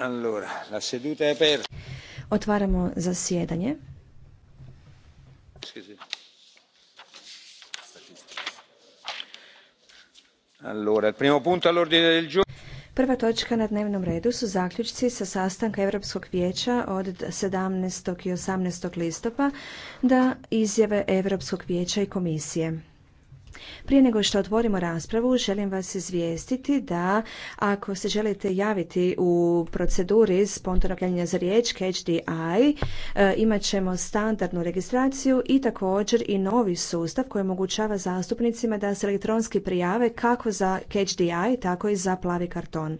Allora, Otvaramo zasjedanje. Prva točka na dnevnom redu su zaključci sa sastanka Europskog vijeća od 17. i 18. listopada da izjave Europskog vijeća i komisije. Prije nego što otvorimo raspravu, želim vas izvijestiti da ako se želite javiti u proceduri spontanog javljanja za riječ HDI, e, imat ćemo standardnu registraciju i također i novi sustav koji omogućava zastupnicima da se elektronski prijave kako za HDI, tako i za plavi karton.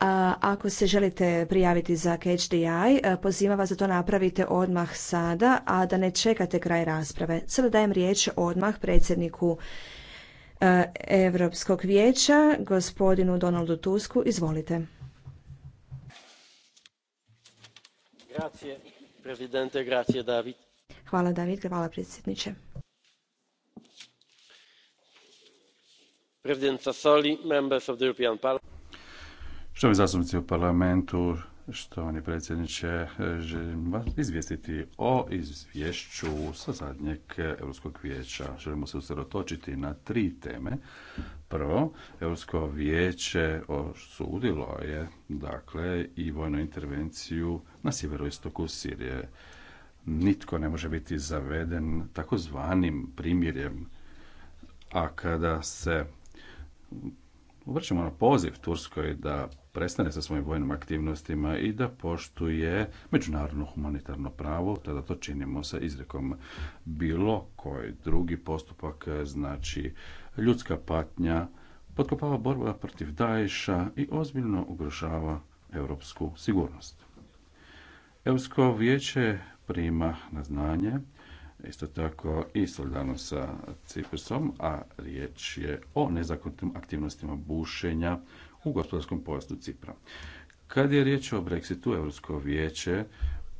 Ako se želite prijaviti za HDI, e, pozivam vas da to napravite odmah sada, a da ne čekate kraj rasprave. Sada dajem riječ odmah predsjedniku e, Europskog vijeća, gospodinu Donaldu Tusku. Izvolite. Grazie, presidente, grazie, Hvala, David, hvala predsjedniče. Sassoli, members of the European Parliament. Što mi zastupnici u parlamentu, Štovani predsjedniče, e, želim vas izvijestiti o izvješću sa zadnjeg Europskog vijeća. Želimo se usredotočiti na tri teme. Prvo, Europsko vijeće osudilo je dakle i vojnu intervenciju na sjeveroistoku Sirije. Nitko ne može biti zaveden takozvanim primjerjem, a kada se Vrćemo na poziv Turskoj da prestane sa svojim vojnim aktivnostima i da poštuje međunarodno humanitarno pravo, tada to činimo sa izrekom bilo koji drugi postupak, znači ljudska patnja, potkopava borba protiv Daesha i ozbiljno ugrožava europsku sigurnost. Europsko vijeće prima na znanje isto tako i solidarno sa Ciprsom, a riječ je o nezakonitim aktivnostima bušenja u gospodarskom poslu Cipra. Kad je riječ o Brexitu, Europsko vijeće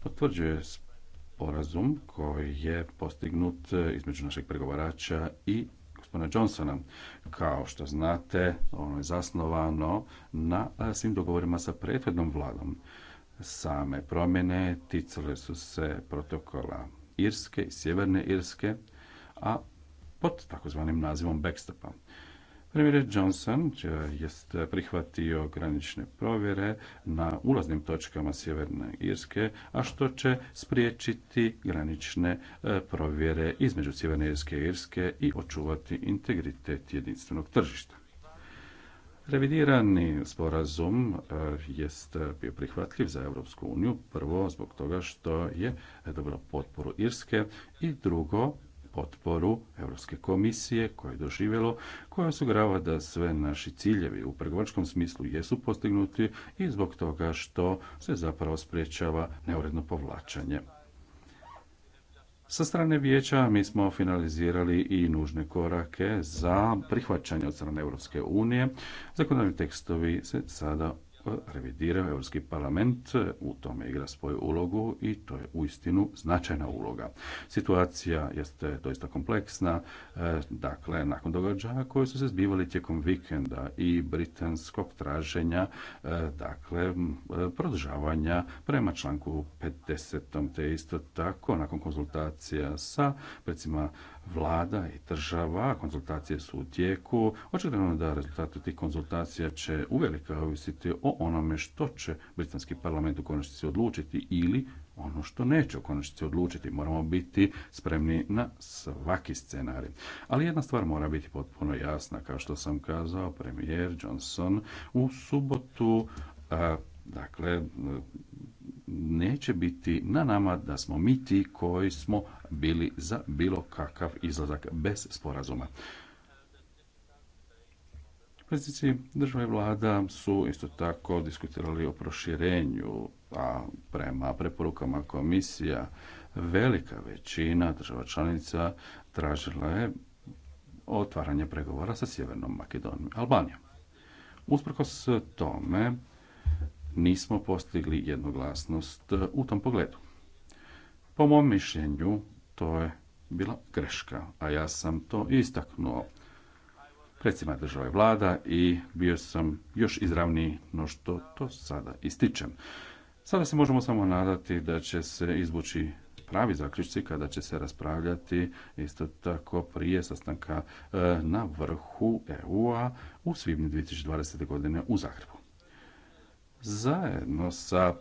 potvrđuje sporazum koji je postignut između našeg pregovarača i gospodina Johnsona. Kao što znate, ono je zasnovano na svim dogovorima sa prethodnom vladom. Same promjene ticale su se protokola Irske i Sjeverne Irske, a pod takozvanim nazivom backstopa. Premijer Johnson e, jest prihvatio granične provjere na ulaznim točkama Sjeverne Irske, a što će spriječiti granične e, provjere između Sjeverne Irske i Irske i očuvati integritet jedinstvenog tržišta. Revidirani sporazum e, jest bio prihvatljiv za Europsku uniju, prvo zbog toga što je dobro potporu Irske i drugo potporu Europske komisije koje je doživjelo, koja osigurava da sve naši ciljevi u pregovačkom smislu jesu postignuti i zbog toga što se zapravo sprječava neuredno povlačenje. Sa strane vijeća mi smo finalizirali i nužne korake za prihvaćanje od strane Europske unije. Zakonodavni tekstovi se sada revidirao Europski parlament, u tome igra svoju ulogu i to je uistinu značajna uloga. Situacija jeste doista kompleksna, e, dakle, nakon događaja koji su se zbivali tijekom vikenda i britanskog traženja, e, dakle, produžavanja prema članku 50. te isto tako, nakon konzultacija sa recimo vlada i država, konzultacije su u tijeku, očekujemo da rezultati tih konzultacija će uvelike ovisiti o onome što će britanski parlament u konačnici odlučiti ili ono što neće u konačnici odlučiti. Moramo biti spremni na svaki scenarij. Ali jedna stvar mora biti potpuno jasna, kao što sam kazao, premijer Johnson u subotu dakle neće biti na nama da smo mi ti koji smo bili za bilo kakav izlazak bez sporazuma. Predsjednici država i vlada su isto tako diskutirali o proširenju, a prema preporukama komisija velika većina država članica tražila je otvaranje pregovora sa Sjevernom Makedonijom i Albanijom. Usprkos tome nismo postigli jednoglasnost u tom pogledu. Po mom mišljenju to je bila greška, a ja sam to istaknuo država države vlada i bio sam još izravniji no što to sada ističem. Sada se možemo samo nadati da će se izvući pravi zaključci kada će se raspravljati isto tako prije sastanka e, na vrhu EU-a u svibnju 2020. godine u Zagrebu. Zajedno sa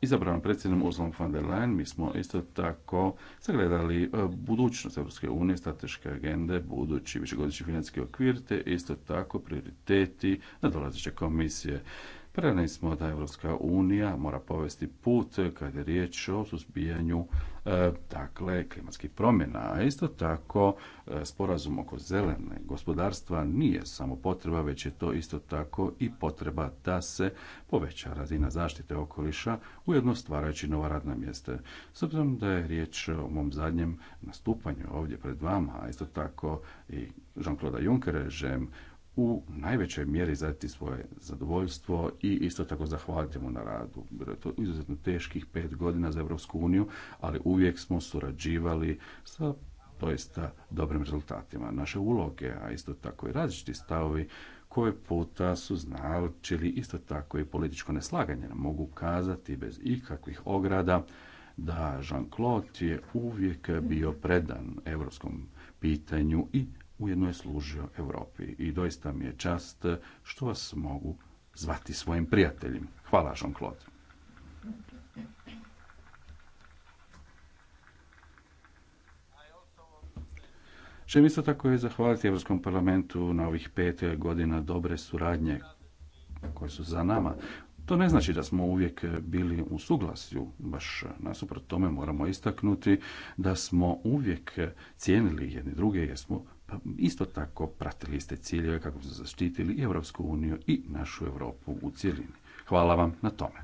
izabranom predsjednom uzlom von der Leyen mi smo isto tako sagledali e, budućnost Europske unije, strateške agende, budući višegodišnji financijski okvir te isto tako prioriteti nadolazeće komisije. Prerani smo da Europska unija mora povesti put kada je riječ o suzbijanju e, dakle, klimatskih promjena. A isto tako, e, sporazum oko zelene gospodarstva nije samo potreba, već je to isto tako i potreba da se poveća razina zaštite okoliša, ujedno stvarajući nova radna mjesta. S obzirom da je riječ o mom zadnjem nastupanju ovdje pred vama, a isto tako i Jean-Claude Juncker, žem u najvećoj mjeri zadati svoje zadovoljstvo i isto tako zahvaliti mu na radu. Bilo je to izuzetno teških pet godina za Europsku uniju, ali uvijek smo surađivali sa doista dobrim rezultatima. Naše uloge, a isto tako i različiti stavovi koje puta su značili isto tako i političko neslaganje. Mogu kazati bez ikakvih ograda da Jean-Claude je uvijek bio predan europskom pitanju i ujedno je služio Europi i doista mi je čast što vas mogu zvati svojim prijateljima. Hvala Jean-Claude. Želim isto tako je zahvaliti Evropskom parlamentu na ovih pet godina dobre suradnje koje su za nama. To ne znači da smo uvijek bili u suglasju, baš nasuprot tome moramo istaknuti da smo uvijek cijenili jedni druge jer smo pa isto tako pratili ste ciljeve kako ste zaštitili i Europsku uniju i našu Europu u cjelini. Hvala vam na tome.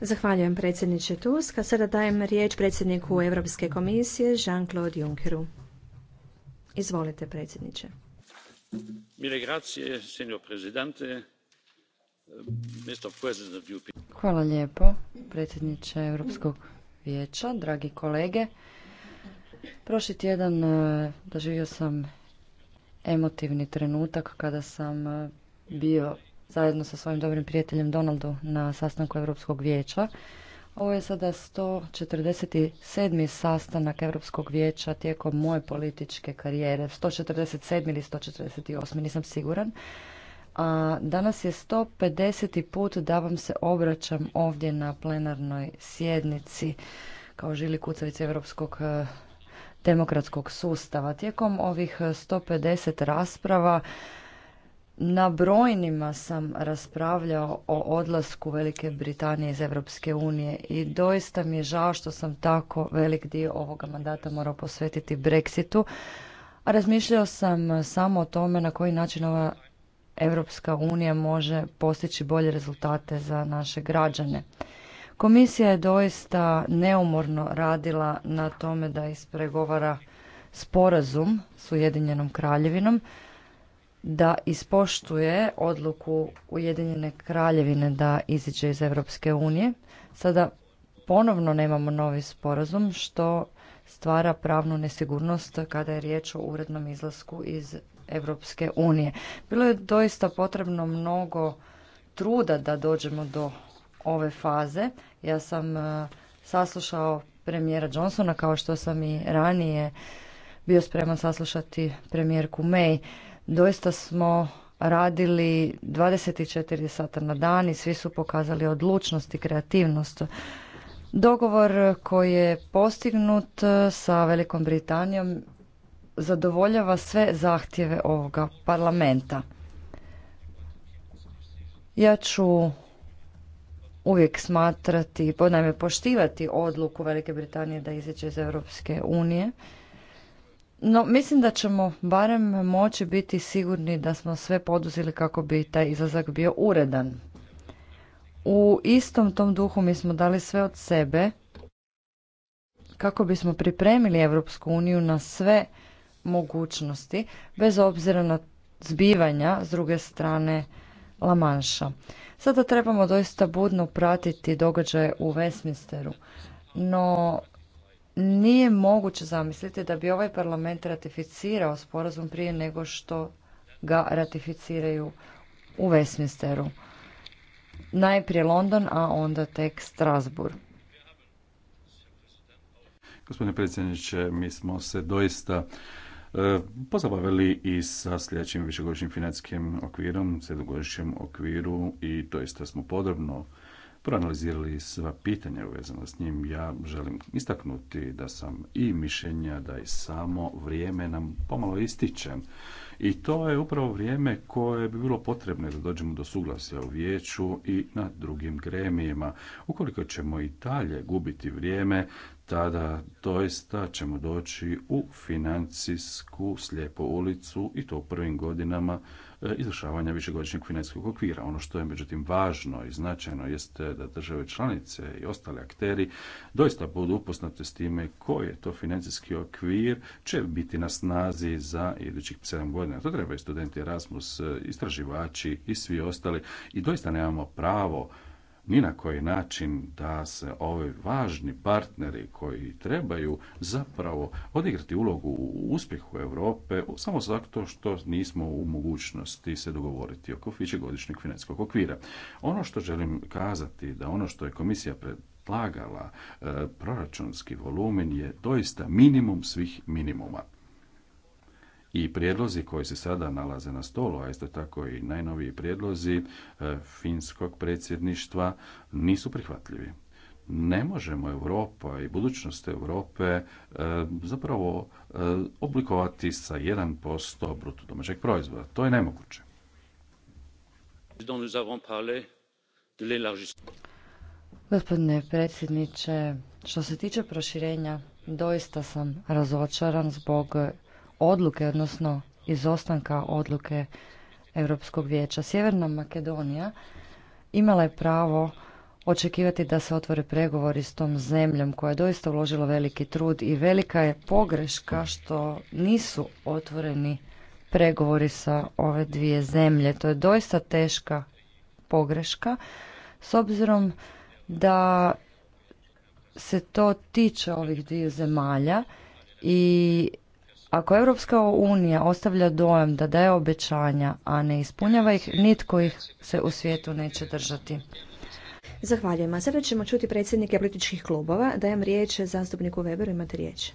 Zahvaljujem predsjedniče Tuska. Sada dajem riječ predsjedniku Europske komisije Jean-Claude Junckeru. Izvolite predsjedniče. Hvala lijepo predsjedniče Europskog vijeća, dragi kolege. Prošli tjedan e, doživio sam emotivni trenutak kada sam e, bio zajedno sa svojim dobrim prijateljem Donaldu na sastanku Europskog vijeća. Ovo je sada 147. sastanak Europskog vijeća tijekom moje političke karijere. 147. ili 148. nisam siguran. A danas je 150. put da vam se obraćam ovdje na plenarnoj sjednici kao žili kucavice Europskog e, demokratskog sustava. Tijekom ovih 150 rasprava na brojnima sam raspravljao o odlasku Velike Britanije iz Europske unije i doista mi je žao što sam tako velik dio ovoga mandata morao posvetiti Brexitu. A razmišljao sam samo o tome na koji način ova Europska unija može postići bolje rezultate za naše građane. Komisija je doista neumorno radila na tome da ispregovara sporazum s Ujedinjenom kraljevinom, da ispoštuje odluku Ujedinjene kraljevine da iziđe iz Europske unije. Sada ponovno nemamo novi sporazum što stvara pravnu nesigurnost kada je riječ o urednom izlasku iz Europske unije. Bilo je doista potrebno mnogo truda da dođemo do ove faze. Ja sam e, saslušao premijera Johnsona kao što sam i ranije bio spreman saslušati premijerku May. Doista smo radili 24 sata na dan i svi su pokazali odlučnost i kreativnost. Dogovor koji je postignut e, sa Velikom Britanijom zadovoljava sve zahtjeve ovoga parlamenta. Ja ću uvijek smatrati, podnajme poštivati odluku Velike Britanije da izađe iz Europske unije. No, mislim da ćemo barem moći biti sigurni da smo sve poduzeli kako bi taj izlazak bio uredan. U istom tom duhu mi smo dali sve od sebe kako bismo pripremili Europsku uniju na sve mogućnosti, bez obzira na zbivanja s druge strane Lamanša. Sada trebamo doista budno pratiti događaje u Westminsteru, no nije moguće zamisliti da bi ovaj parlament ratificirao sporazum prije nego što ga ratificiraju u Westminsteru. Najprije London, a onda tek Strasbourg. Gospodine predsjedniče, mi smo se doista E, pozabavili i sa sljedećim višegodišnjim financijskim okvirom, sedmogodišnjem okviru i to isto smo podrobno proanalizirali sva pitanja uvezana s njim. Ja želim istaknuti da sam i mišljenja da i samo vrijeme nam pomalo ističe. I to je upravo vrijeme koje bi bilo potrebno da dođemo do suglasja u vijeću i na drugim gremijima. Ukoliko ćemo i dalje gubiti vrijeme, tada doista ćemo doći u financijsku slijepu ulicu i to u prvim godinama e, izvršavanja višegodišnjeg financijskog okvira. Ono što je međutim važno i značajno jeste da države članice i ostali akteri doista budu upoznate s time koji je to financijski okvir će biti na snazi za idućih 7 godina. To treba i studenti Erasmus, e, istraživači i svi ostali i doista nemamo pravo ni na koji način da se ovi važni partneri koji trebaju zapravo odigrati ulogu u uspjehu Europe samo zato što nismo u mogućnosti se dogovoriti oko višegodišnjeg financijskog okvira. Ono što želim kazati da ono što je komisija predlagala e, proračunski volumen je doista minimum svih minimuma i prijedlozi koji se sada nalaze na stolu, a isto tako i najnoviji prijedlozi e, finskog predsjedništva nisu prihvatljivi. Ne možemo Europa i budućnost Europe e, zapravo e, oblikovati sa 1% bruto domaćeg proizvoda. To je nemoguće. Gospodine predsjedniče, što se tiče proširenja, doista sam razočaran zbog odluke, odnosno izostanka odluke Europskog vijeća. Sjeverna Makedonija imala je pravo očekivati da se otvore pregovori s tom zemljom koja je doista uložila veliki trud i velika je pogreška što nisu otvoreni pregovori sa ove dvije zemlje. To je doista teška pogreška s obzirom da se to tiče ovih dviju zemalja i ako Europska unija ostavlja dojam da daje obećanja, a ne ispunjava ih, nitko ih se u svijetu neće držati. Zahvaljujem. A sada ćemo čuti predsjednike političkih klubova. Dajem riječ zastupniku Weberu, imate riječ.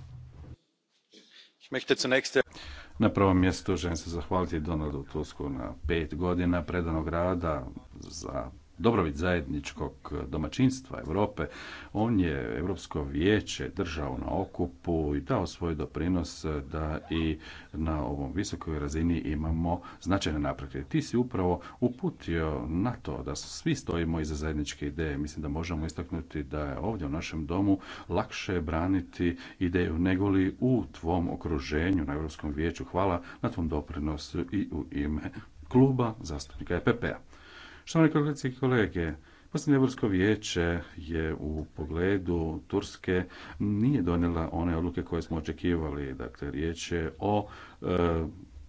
Na prvom mjestu želim se zahvaliti Donaldu Tusku na pet godina predanog rada za dobrobit zajedničkog domaćinstva Europe. On je Europsko vijeće držao na okupu i dao svoj doprinos da i na ovom visokoj razini imamo značajne napretke. Ti si upravo uputio na to da svi stojimo iza zajedničke ideje. Mislim da možemo istaknuti da je ovdje u našem domu lakše braniti ideju nego li u tvom okruženju na Europskom vijeću. Hvala na tvom doprinosu i u ime kluba zastupnika EPP-a. Štovane kolegice i kolege, Posljednje Evropsko vijeće je u pogledu Turske nije donijela one odluke koje smo očekivali. Dakle, riječ je o e,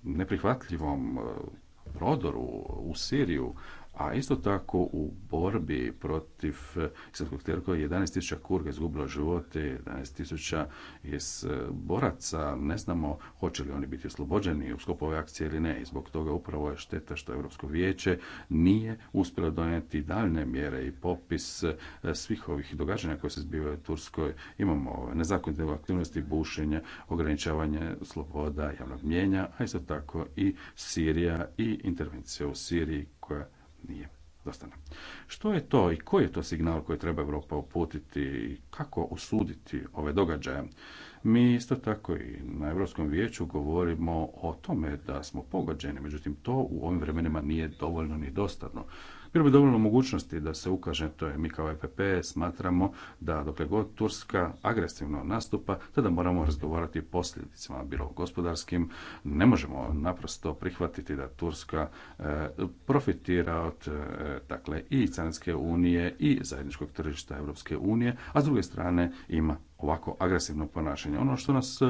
neprihvatljivom e, prodoru u Siriju a isto tako u borbi protiv islamskog je 11.000 kurga izgubilo živote, 11.000 je e, boraca, ne znamo hoće li oni biti oslobođeni u sklopu ove akcije ili ne. I zbog toga upravo je šteta što Europsko vijeće nije uspjelo donijeti daljne mjere i popis e, svih ovih događanja koje se zbivaju u Turskoj. Imamo nezakonite aktivnosti, bušenja, ograničavanje sloboda javnog mjenja, a isto tako i Sirija i intervencija u Siriji koja nije dostana. Što je to i koji je to signal koji treba Europa uputiti i kako osuditi ove događaje? Mi isto tako i na Europskom vijeću govorimo o tome da smo pogođeni, međutim to u ovim vremenima nije dovoljno ni dostatno. Bilo bi dovoljno mogućnosti da se ukaže, to je mi kao EPP smatramo da dokle god Turska agresivno nastupa, tada moramo razgovarati o posljedicama, bilo gospodarskim. Ne možemo naprosto prihvatiti da Turska e, profitira od e, dakle i Carinske unije i zajedničkog tržišta Europske unije, a s druge strane ima ovako agresivno ponašanje. Ono što nas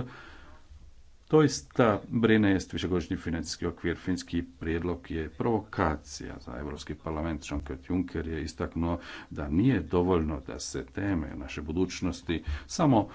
doista brine jest višegodišnji financijski okvir. Finski prijedlog je provokacija za Europski parlament. Jean-Claude Juncker je istaknuo da nije dovoljno da se teme naše budućnosti samo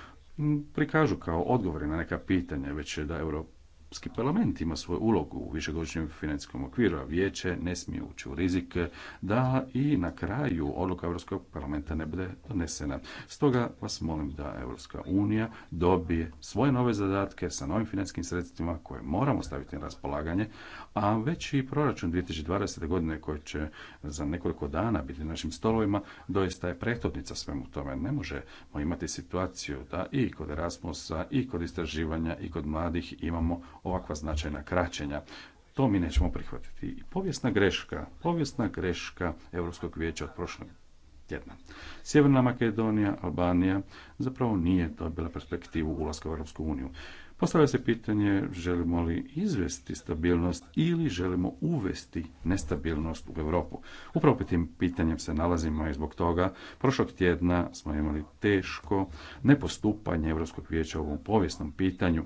prikažu kao odgovore na neka pitanja, već da Europa Europski parlament ima svoju ulogu u višegodišnjem financijskom okviru, a vijeće ne smije ući u rizik da i na kraju odluka Europskog parlamenta ne bude donesena. Stoga vas molim da Europska unija dobije svoje nove zadatke sa novim financijskim sredstvima koje moramo staviti na raspolaganje, a već i proračun 2020. godine koji će za nekoliko dana biti na našim stolovima, doista je prethodnica svemu tome. Ne možemo imati situaciju da i kod Erasmusa, i kod istraživanja, i kod mladih imamo ovakva značajna kraćenja. To mi nećemo prihvatiti. I povijesna greška, povijesna greška Europskog vijeća od prošlog tjedna. Sjeverna Makedonija, Albanija zapravo nije dobila perspektivu ulaska u Europsku uniju. Postavlja se pitanje želimo li izvesti stabilnost ili želimo uvesti nestabilnost u Europu. Upravo po tim pitanjem se nalazimo i zbog toga prošlog tjedna smo imali teško nepostupanje Europskog vijeća u ovom povijesnom pitanju.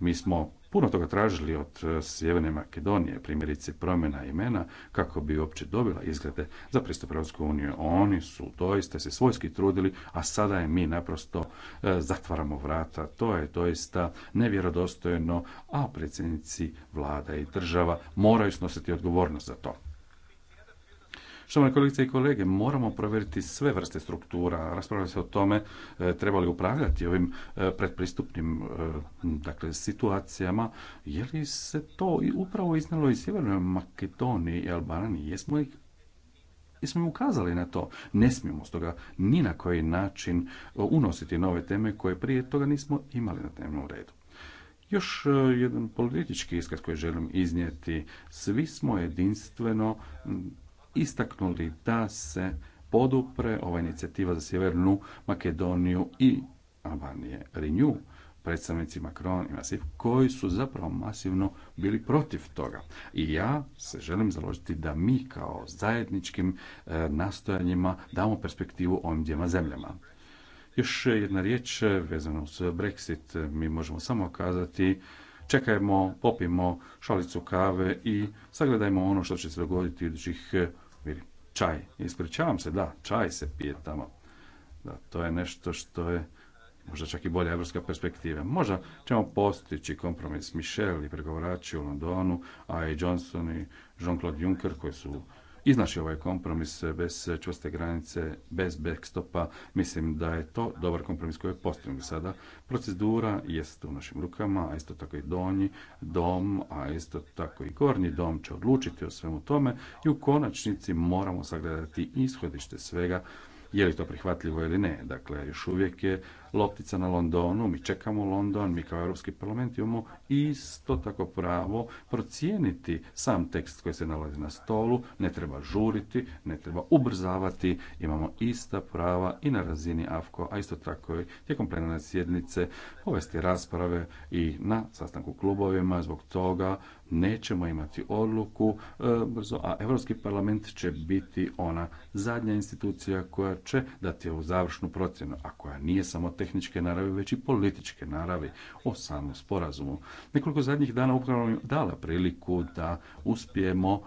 Mi smo puno toga tražili od e, Sjeverne Makedonije, primjerice promjena imena, kako bi uopće dobila izglede za pristup Europsku uniju. Oni su doista se svojski trudili, a sada je mi naprosto e, zatvaramo vrata. To je doista nevjerodostojno, a predsjednici vlada i država moraju snositi odgovornost za to. Štovane kolegice i kolege, moramo provjeriti sve vrste struktura. Raspravlja se o tome e, treba li upravljati ovim e, predpristupnim e, dakle, situacijama. Je li se to upravo iznalo i Sjevernoj Makedoniji i Albaniji? Jesmo ih smo ukazali na to. Ne smijemo stoga ni na koji način unositi nove teme koje prije toga nismo imali na dnevnom redu. Još jedan politički iskaz koji želim iznijeti. Svi smo jedinstveno istaknuli da se podupre ova inicijativa za Sjevernu Makedoniju i Albanije. Renew predstavnici Macron i Masiv, koji su zapravo masivno bili protiv toga. I ja se želim založiti da mi kao zajedničkim e, nastojanjima damo perspektivu ovim dvijema zemljama. Još jedna riječ vezana uz Brexit. Mi možemo samo kazati čekajmo, popimo šalicu kave i sagledajmo ono što će se dogoditi u idućih čaj. Ispričavam se, da, čaj se pije tamo. Da, to je nešto što je možda čak i bolja evropska perspektiva. Možda ćemo postići kompromis Michel i pregovorači u Londonu, a i Johnson i Jean-Claude Juncker koji su Iznaši ovaj kompromis bez čvrste granice, bez backstopa. Mislim da je to dobar kompromis koji je postavljen sada. Procedura jest u našim rukama, a isto tako i donji dom, a isto tako i gornji dom će odlučiti o svemu tome i u konačnici moramo sagledati ishodište svega je li to prihvatljivo ili ne. Dakle, još uvijek je loptica na Londonu, mi čekamo London, mi kao Europski parlament imamo isto tako pravo procijeniti sam tekst koji se nalazi na stolu, ne treba žuriti, ne treba ubrzavati, imamo ista prava i na razini AFKO, a isto tako i tijekom plenarne sjednice povesti rasprave i na sastanku klubovima, zbog toga nećemo imati odluku e, brzo, a Europski parlament će biti ona zadnja institucija koja će dati ovu završnu procjenu, a koja nije samo tehničke naravi, već i političke naravi o samom sporazumu. Nekoliko zadnjih dana upravo je dala priliku da uspijemo e,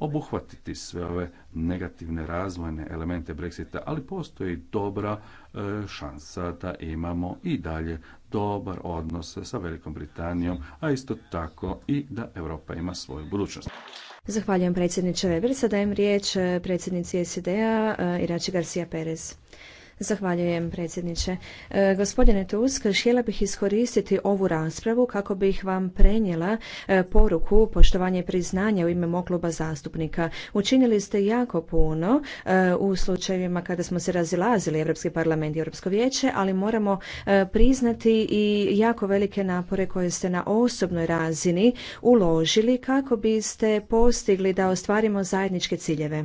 obuhvatiti sve ove negativne razvojne elemente Brexita, ali postoji dobra e, šansa da imamo i dalje dobar odnos sa Velikom Britanijom, a isto tako i da Europa ima svoju budućnost. Zahvaljujem predsjedniče Weber. Sada dajem riječ e, predsjednici SED-a Irači Garcia Perez. Zahvaljujem predsjedniče. E, gospodine Tusk, htjela bih iskoristiti ovu raspravu kako bih vam prenijela e, poruku poštovanje i priznanja u ime mog kluba zastupnika. Učinili ste jako puno e, u slučajevima kada smo se razilazili Europski parlament i Europsko vijeće, ali moramo priznati i jako velike napore koje ste na osobnoj razini uložili kako biste postigli da ostvarimo zajedničke ciljeve.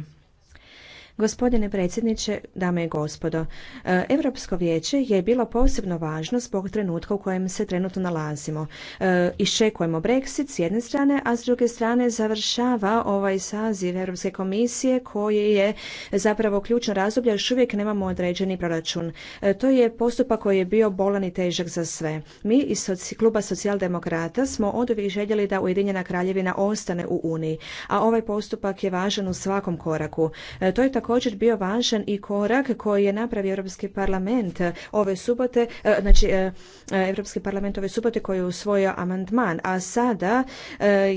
Gospodine predsjedniče, dame i gospodo, e, Europsko vijeće je bilo posebno važno zbog trenutka u kojem se trenutno nalazimo. E, iščekujemo Brexit s jedne strane, a s druge strane završava ovaj saziv Europske komisije koji je zapravo ključno razdoblje, još uvijek nemamo određeni proračun. E, to je postupak koji je bio bolan i težak za sve. Mi iz kluba socijaldemokrata smo uvijek željeli da Ujedinjena kraljevina ostane u Uniji, a ovaj postupak je važan u svakom koraku. To je također bio važan i korak koji je napravio Europski parlament ove subote, e, znači e, e, Europski parlament ove subote koji je usvojio amandman, a sada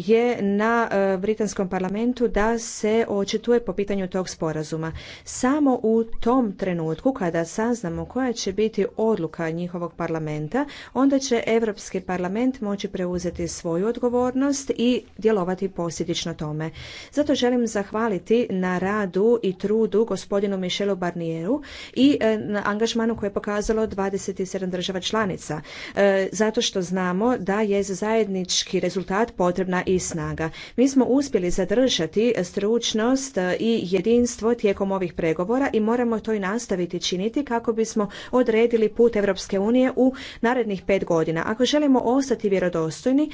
je na britanskom parlamentu da se očituje po pitanju tog sporazuma. Samo u tom trenutku kada saznamo koja će biti odluka njihovog parlamenta, onda će Europski parlament moći preuzeti svoju odgovornost i djelovati posljedično tome. Zato želim zahvaliti na radu i trudu sudu gospodinu Michelu Barnieru i e, na angažmanu koje je pokazalo 27 država članica. E, zato što znamo da je za zajednički rezultat potrebna i snaga. Mi smo uspjeli zadržati stručnost e, i jedinstvo tijekom ovih pregovora i moramo to i nastaviti činiti kako bismo odredili put Europske unije u narednih pet godina. Ako želimo ostati vjerodostojni,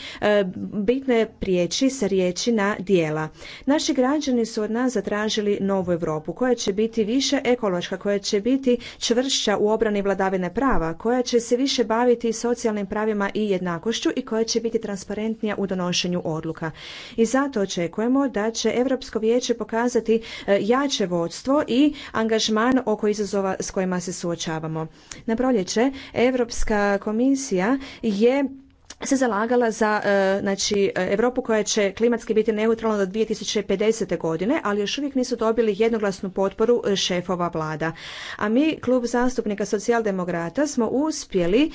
bitno je prijeći sa riječi na dijela. Naši građani su od nas zatražili novu Europu koja će biti više ekološka, koja će biti čvršća u obrani vladavine prava, koja će se više baviti socijalnim pravima i jednakošću i koja će biti transparentnija u donošenju odluka. I zato očekujemo da će Europsko vijeće pokazati e, jače vodstvo i angažman oko izazova s kojima se suočavamo. Na proljeće Europska komisija je se zalagala za e, znači e, Europu koja će klimatski biti neutralna do 2050. godine, ali još uvijek nisu dobili jednoglasnu potporu e, šefova vlada. A mi klub zastupnika socijaldemokrata smo uspjeli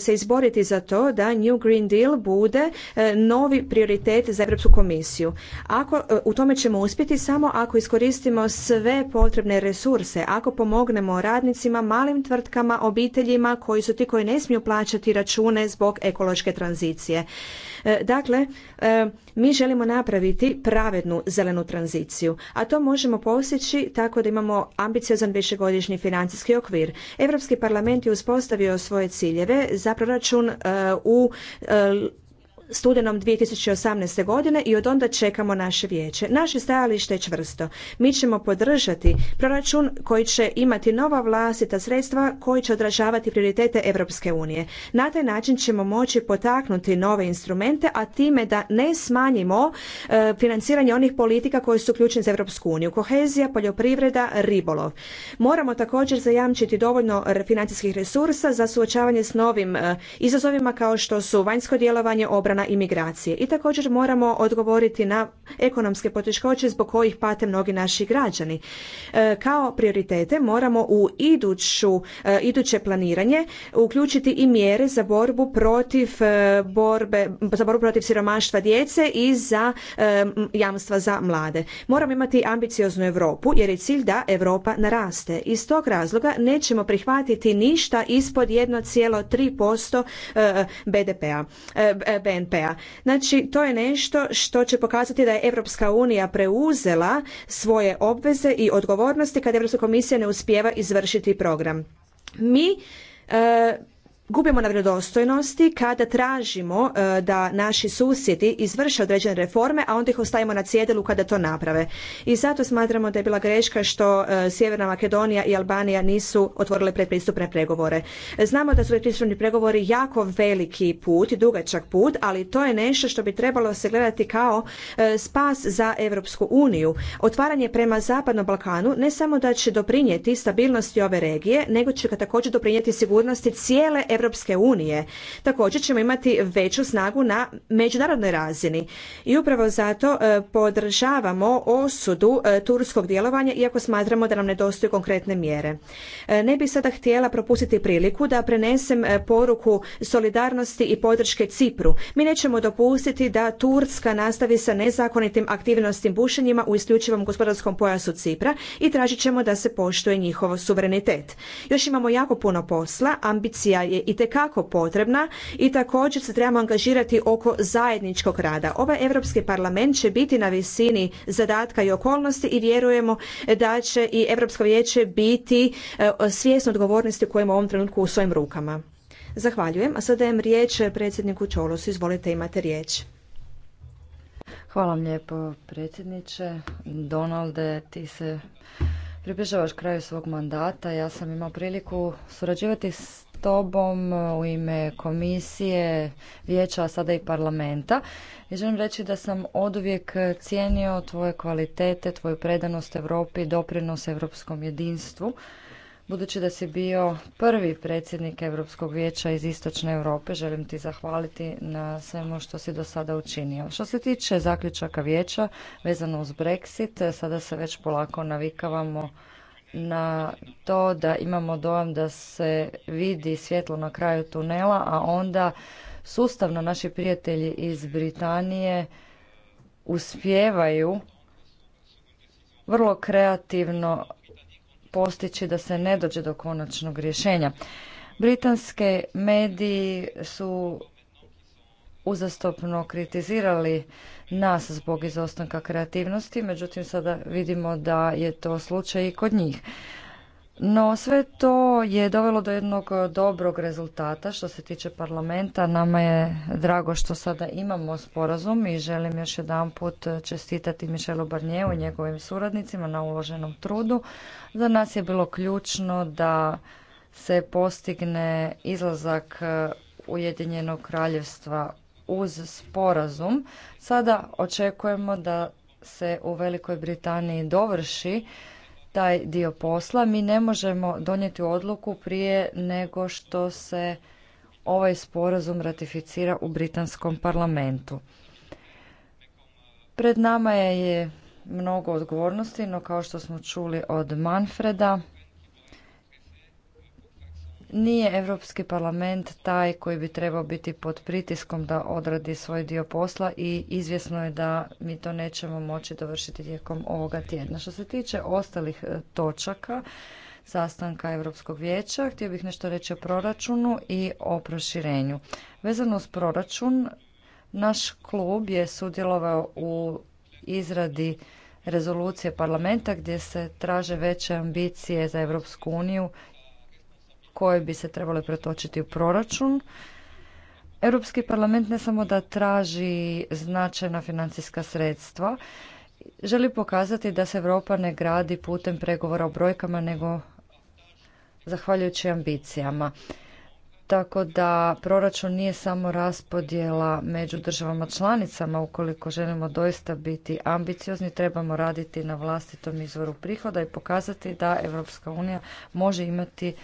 se izboriti za to da New Green Deal bude novi prioritet za Europsku komisiju. Ako u tome ćemo uspjeti samo ako iskoristimo sve potrebne resurse, ako pomognemo radnicima, malim tvrtkama, obiteljima koji su ti koji ne smiju plaćati račune zbog ekološke tranzicije. E, dakle, e, mi želimo napraviti pravednu zelenu tranziciju, a to možemo postići tako da imamo ambiciozan višegodišnji financijski okvir. Europski parlament je uspostavio svoje ciljeve za proračun e, u studenom 2018. godine i od onda čekamo naše vijeće. Naše stajalište je čvrsto. Mi ćemo podržati proračun koji će imati nova vlastita sredstva koji će odražavati prioritete Europske unije. Na taj način ćemo moći potaknuti nove instrumente, a time da ne smanjimo e, financiranje onih politika koje su ključne za Europsku uniju. Kohezija, poljoprivreda, ribolov. Moramo također zajamčiti dovoljno financijskih resursa za suočavanje s novim e, izazovima kao što su vanjsko djelovanje, obrana imigracije. I također moramo odgovoriti na ekonomske poteškoće zbog kojih pate mnogi naši građani. E, kao prioritete moramo u iduću, e, iduće planiranje uključiti i mjere za borbu protiv e, borbe, za borbu protiv siromaštva djece i za jamstva za mlade. Moramo imati ambicioznu Europu jer je cilj da Europa naraste. Iz tog razloga nećemo prihvatiti ništa ispod 1,3% BDP-a, BNP bdp a p-a. Znači, to je nešto što će pokazati da je Europska unija preuzela svoje obveze i odgovornosti kad Europska komisija ne uspijeva izvršiti program. Mi e, gubimo na vjerodostojnosti kada tražimo e, da naši susjedi izvrše određene reforme, a onda ih ostavimo na cjedilu kada to naprave. I zato smatramo da je bila greška što e, Sjeverna Makedonija i Albanija nisu otvorile predpristupne pregovore. Znamo da su predpristupni pregovori jako veliki put i dugačak put, ali to je nešto što bi trebalo se gledati kao e, spas za Europsku uniju. Otvaranje prema Zapadnom Balkanu ne samo da će doprinijeti stabilnosti ove regije, nego će također doprinijeti sigurnosti cijele EU. Europske unije. Također ćemo imati veću snagu na međunarodnoj razini. I upravo zato e, podržavamo osudu e, turskog djelovanja iako smatramo da nam nedostaju konkretne mjere. E, ne bih sada htjela propustiti priliku da prenesem poruku solidarnosti i podrške Cipru. Mi nećemo dopustiti da Turska nastavi sa nezakonitim aktivnostim bušenjima u isključivom gospodarskom pojasu Cipra i tražit ćemo da se poštuje njihov suverenitet. Još imamo jako puno posla, ambicija je te itekako potrebna i također se trebamo angažirati oko zajedničkog rada. Ovaj Europski parlament će biti na visini zadatka i okolnosti i vjerujemo da će i Europsko vijeće biti e, svjesno odgovornosti koje ima u ovom trenutku u svojim rukama. Zahvaljujem, a sada dajem riječ predsjedniku Čolosu. Izvolite, imate riječ. Hvala vam lijepo, predsjedniče. Donalde, ti se približavaš kraju svog mandata. Ja sam imao priliku surađivati s tobom e, u ime komisije, vijeća, a sada i parlamenta. I želim reći da sam oduvijek cijenio tvoje kvalitete, tvoju predanost Europi, doprinos europskom jedinstvu. Budući da si bio prvi predsjednik Europskog vijeća iz Istočne Europe, želim ti zahvaliti na svemu što si do sada učinio. Što se tiče zaključaka vijeća vezano uz Brexit, sada se već polako navikavamo na to da imamo dojam da se vidi svjetlo na kraju tunela, a onda sustavno naši prijatelji iz Britanije uspijevaju vrlo kreativno postići da se ne dođe do konačnog rješenja. Britanske mediji su uzastopno kritizirali nas zbog izostanka kreativnosti, međutim sada vidimo da je to slučaj i kod njih. No sve to je dovelo do jednog dobrog rezultata što se tiče parlamenta. Nama je drago što sada imamo sporazum i želim još jedan put čestitati Mišelu Barnjevu i njegovim suradnicima na uloženom trudu. Za nas je bilo ključno da se postigne izlazak Ujedinjenog kraljevstva uz sporazum. Sada očekujemo da se u Velikoj Britaniji dovrši taj dio posla. Mi ne možemo donijeti odluku prije nego što se ovaj sporazum ratificira u britanskom parlamentu. Pred nama je mnogo odgovornosti, no kao što smo čuli od Manfreda, nije Europski parlament taj koji bi trebao biti pod pritiskom da odradi svoj dio posla i izvjesno je da mi to nećemo moći dovršiti tijekom ovoga tjedna. Što se tiče ostalih e, točaka sastanka Europskog vijeća, htio bih nešto reći o proračunu i o proširenju. Vezano uz proračun, naš klub je sudjelovao u izradi rezolucije parlamenta gdje se traže veće ambicije za Europsku uniju koje bi se trebale pretočiti u proračun. Europski parlament ne samo da traži značajna financijska sredstva, želi pokazati da se Europa ne gradi putem pregovora o brojkama, nego zahvaljujući ambicijama. Tako da proračun nije samo raspodjela među državama članicama. Ukoliko želimo doista biti ambiciozni, trebamo raditi na vlastitom izvoru prihoda i pokazati da Europska unija može imati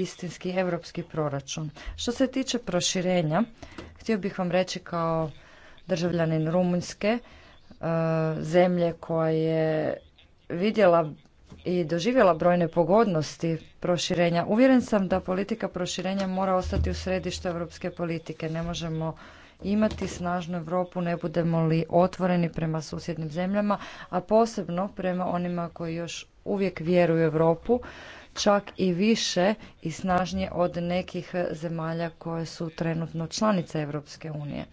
istinski europski proračun. Što se tiče proširenja, htio bih vam reći kao državljanin Rumunjske, e, zemlje koja je vidjela i doživjela brojne pogodnosti proširenja. Uvjeren sam da politika proširenja mora ostati u središtu europske politike. Ne možemo imati snažnu Europu ne budemo li otvoreni prema susjednim zemljama, a posebno prema onima koji još uvijek vjeruju u Europu čak i više i snažnije od nekih zemalja koje su trenutno članice Europske unije.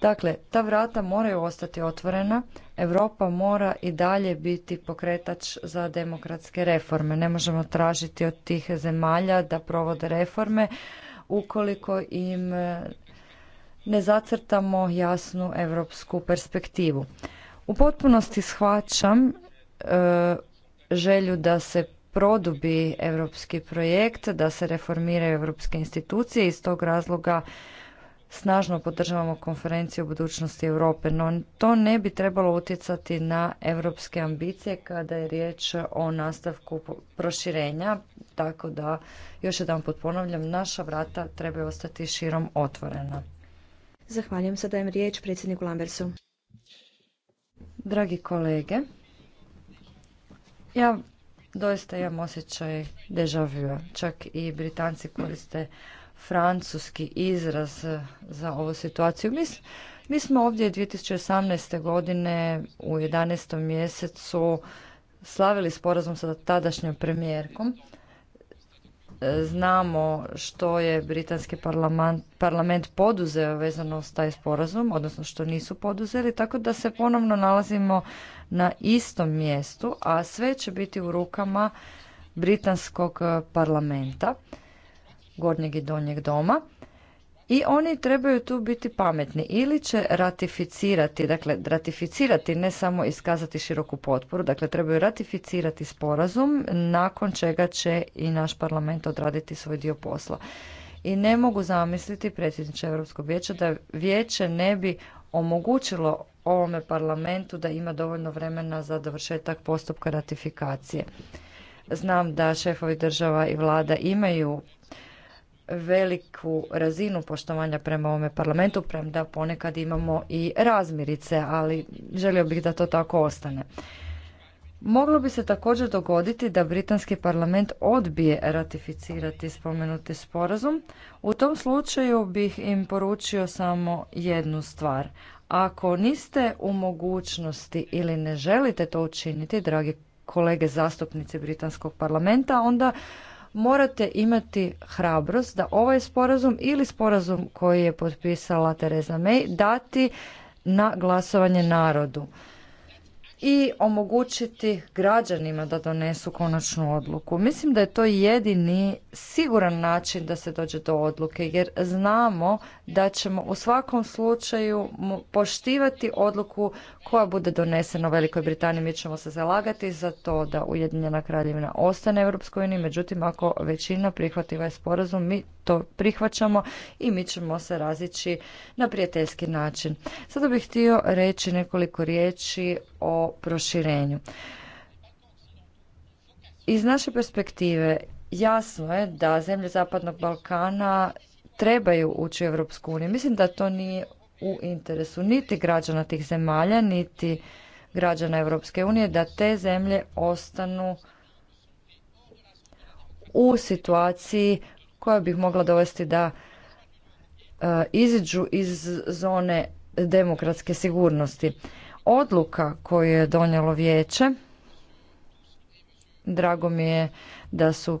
Dakle, ta vrata moraju ostati otvorena, Europa mora i dalje biti pokretač za demokratske reforme. Ne možemo tražiti od tih zemalja da provode reforme ukoliko im e, ne zacrtamo jasnu europsku perspektivu. U potpunosti shvaćam e, želju da se produbi europski projekt, da se reformiraju europske institucije i iz tog razloga snažno podržavamo konferenciju budućnosti Europe, no to ne bi trebalo utjecati na europske ambicije kada je riječ o nastavku proširenja, tako da još jedan put ponavljam, naša vrata trebaju ostati širom otvorena. Zahvaljujem se dajem riječ predsjedniku Lambersu. Dragi kolege, ja doista imam osjećaj deja vu. Čak i Britanci koriste francuski izraz za ovu situaciju. Mi, mi smo ovdje 2018. godine u 11. mjesecu slavili sporazum sa tadašnjom premijerkom znamo što je britanski parlament, parlament poduzeo vezano s taj sporazum, odnosno što nisu poduzeli, tako da se ponovno nalazimo na istom mjestu, a sve će biti u rukama britanskog eh, parlamenta, gornjeg i donjeg doma i oni trebaju tu biti pametni ili će ratificirati, dakle ratificirati ne samo iskazati široku potporu, dakle trebaju ratificirati sporazum nakon čega će i naš parlament odraditi svoj dio posla. I ne mogu zamisliti predsjedniče Europskog vijeća da vijeće ne bi omogućilo ovome parlamentu da ima dovoljno vremena za dovršetak postupka ratifikacije. Znam da šefovi država i vlada imaju veliku razinu poštovanja prema ovome parlamentu, premda ponekad imamo i razmirice, ali želio bih da to tako ostane. Moglo bi se također dogoditi da britanski parlament odbije ratificirati spomenuti sporazum. U tom slučaju bih im poručio samo jednu stvar. Ako niste u mogućnosti ili ne želite to učiniti, dragi kolege zastupnici britanskog parlamenta, onda morate imati hrabrost da ovaj sporazum ili sporazum koji je potpisala Tereza May dati na glasovanje narodu i omogućiti građanima da donesu konačnu odluku. Mislim da je to jedini siguran način da se dođe do odluke jer znamo da ćemo u svakom slučaju poštivati odluku koja bude donesena u Velikoj Britaniji. Mi ćemo se zalagati za to da Ujedinjena kraljevina ostane Europskoj uniji, međutim ako većina prihvati ovaj sporazum mi to prihvaćamo i mi ćemo se razići na prijateljski način. Sada bih htio reći nekoliko riječi o proširenju. Iz naše perspektive jasno je da zemlje Zapadnog Balkana trebaju ući u Europsku uniju. Mislim da to nije u interesu niti građana tih zemalja, niti građana Europske unije da te zemlje ostanu u situaciji koja bi mogla dovesti da e, iziđu iz zone demokratske sigurnosti. Odluka koju je donijelo vijeće, drago mi je da su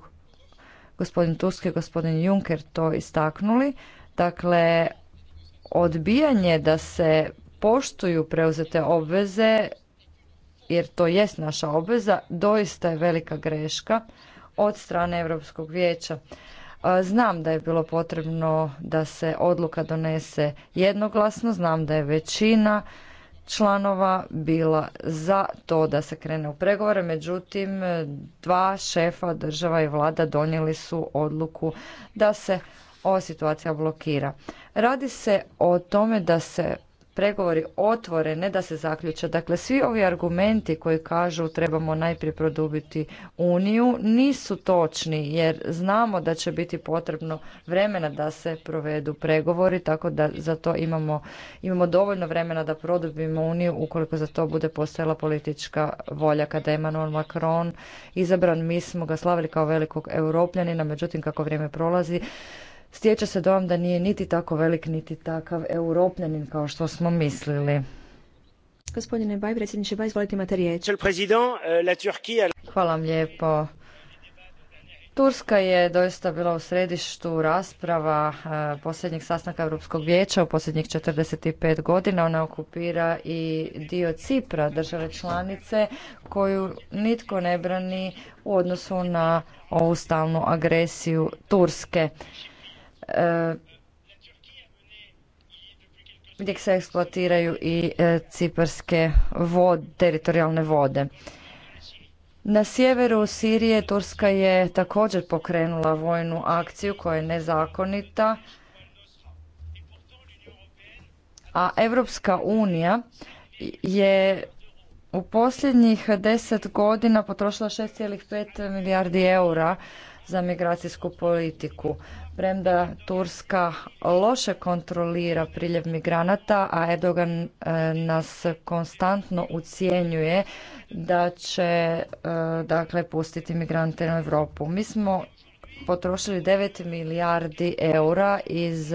gospodin Tusk i gospodin Juncker to istaknuli, dakle odbijanje da se poštuju preuzete obveze, jer to jest naša obveza, doista je velika greška od strane Europskog vijeća. Znam da je bilo potrebno da se odluka donese jednoglasno, znam da je većina članova bila za to da se krene u pregovore, međutim dva šefa država i vlada donijeli su odluku da se ova situacija blokira. Radi se o tome da se pregovori ne da se zaključe. Dakle, svi ovi argumenti koji kažu trebamo najprije produbiti Uniju nisu točni jer znamo da će biti potrebno vremena da se provedu pregovori, tako da za to imamo, imamo dovoljno vremena da produbimo Uniju ukoliko za to bude postojala politička volja. Kada je Emmanuel Macron izabran, mi smo ga slavili kao velikog europljanina, međutim kako vrijeme prolazi, stječe se dojam da nije niti tako velik, niti takav europljanin kao što smo mislili. Gospodine Baj, predsjedniče Baj, izvolite imate riječ. Euh, Hvala vam lijepo. Turska je doista bila u središtu rasprava eh, posljednjeg sastanka Europskog vijeća u posljednjih 45 godina. Ona okupira i dio Cipra, države članice, koju nitko ne brani u odnosu na ovu stalnu agresiju Turske. E, gdje se eksploatiraju i e, ciparske teritorijalne vode. Na sjeveru Sirije Turska je također pokrenula vojnu akciju koja je nezakonita, a Europska unija je u posljednjih deset godina potrošila 6,5 milijardi eura za migracijsku politiku. Premda Turska loše kontrolira priljev migranata, a Erdogan e, nas konstantno ucijenjuje da će e, dakle pustiti migrante na Europu. Mi smo potrošili 9 milijardi eura iz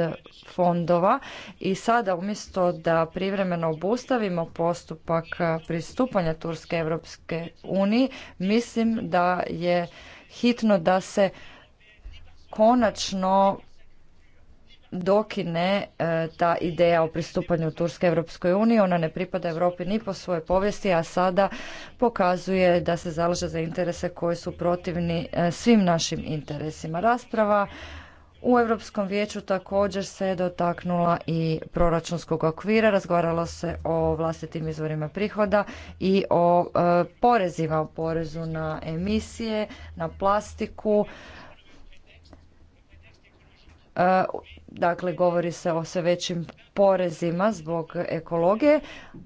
fondova i sada umjesto da privremeno obustavimo postupak pristupanja Turske Europske unije, mislim da je hitno da se konačno dokine e, ta ideja o pristupanju Turske Europskoj uniji. Ona ne pripada Europi ni po svojoj povijesti, a sada pokazuje da se zalaže za interese koji su protivni e, svim našim interesima. Rasprava u Europskom vijeću također se dotaknula i proračunskog okvira, razgovaralo se o vlastitim izvorima prihoda i o e, porezima, o porezu na emisije, na plastiku, E, dakle govori se o sve većim porezima zbog ekologije.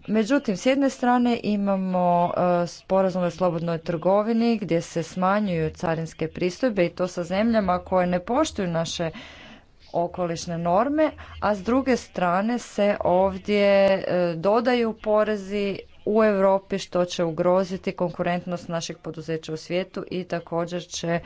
Međutim, s jedne strane imamo e, sporazum o slobodnoj trgovini gdje se smanjuju carinske pristojbe i to sa zemljama koje ne poštuju naše okolišne norme, a s druge strane se ovdje e, dodaju porezi u Europi što će ugroziti konkurentnost naših poduzeća u svijetu i također će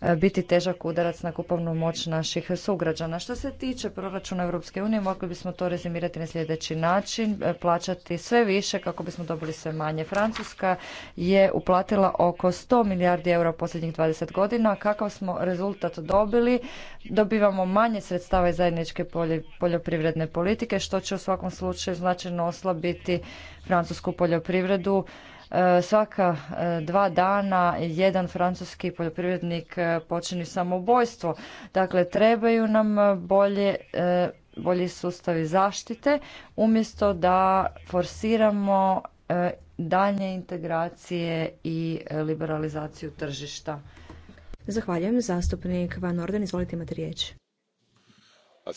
e, biti težak udarac na kupovnu moć naših sugrađana. Što se tiče proračuna Europske unije, mogli bismo to rezimirati na sljedeći način, e, plaćati sve više kako bismo dobili sve manje. Francuska je uplatila oko 100 milijardi eura posljednjih 20 godina. Kakav smo rezultat dobili? Dobivamo manje sredstava iz zajedničke poljoprivredne politike, što će u svakom slučaju značajno oslabiti francusku poljoprivredu. E, svaka e, dva dana jedan francuski poljoprivrednik e, počini samoubojstvo. Dakle, trebaju nam bolje bolji sustavi zaštite umjesto da forsiramo daljnje integracije i liberalizaciju tržišta. Zahvaljujem. Zastupnik Van Orden, izvolite imati riječ. Uh,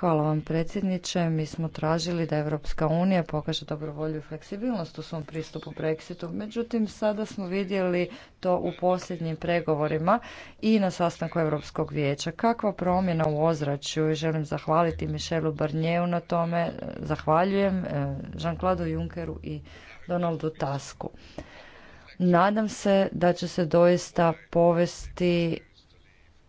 Hvala vam predsjedniče. Mi smo tražili da Evropska unija pokaže dobrovolju volju i fleksibilnost u svom pristupu Brexitu. Međutim, sada smo vidjeli to u posljednjim pregovorima i na sastanku Europskog vijeća. Kakva promjena u ozračju želim zahvaliti Michelu Barnijevu na tome. Zahvaljujem eh, Jean-Claude Junckeru i Donaldu Tasku. Nadam se da će se doista povesti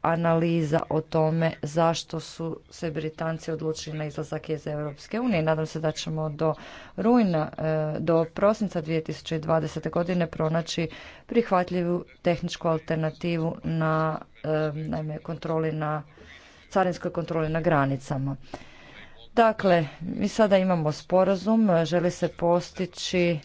analiza o tome zašto su se Britanci odlučili na izlazak iz Europske unije. Nadam se da ćemo do rujna, e, do prosinca 2020. godine pronaći prihvatljivu tehničku alternativu na e, naime, kontroli na carinskoj kontroli na granicama. Dakle, mi sada imamo sporazum, e, želi se postići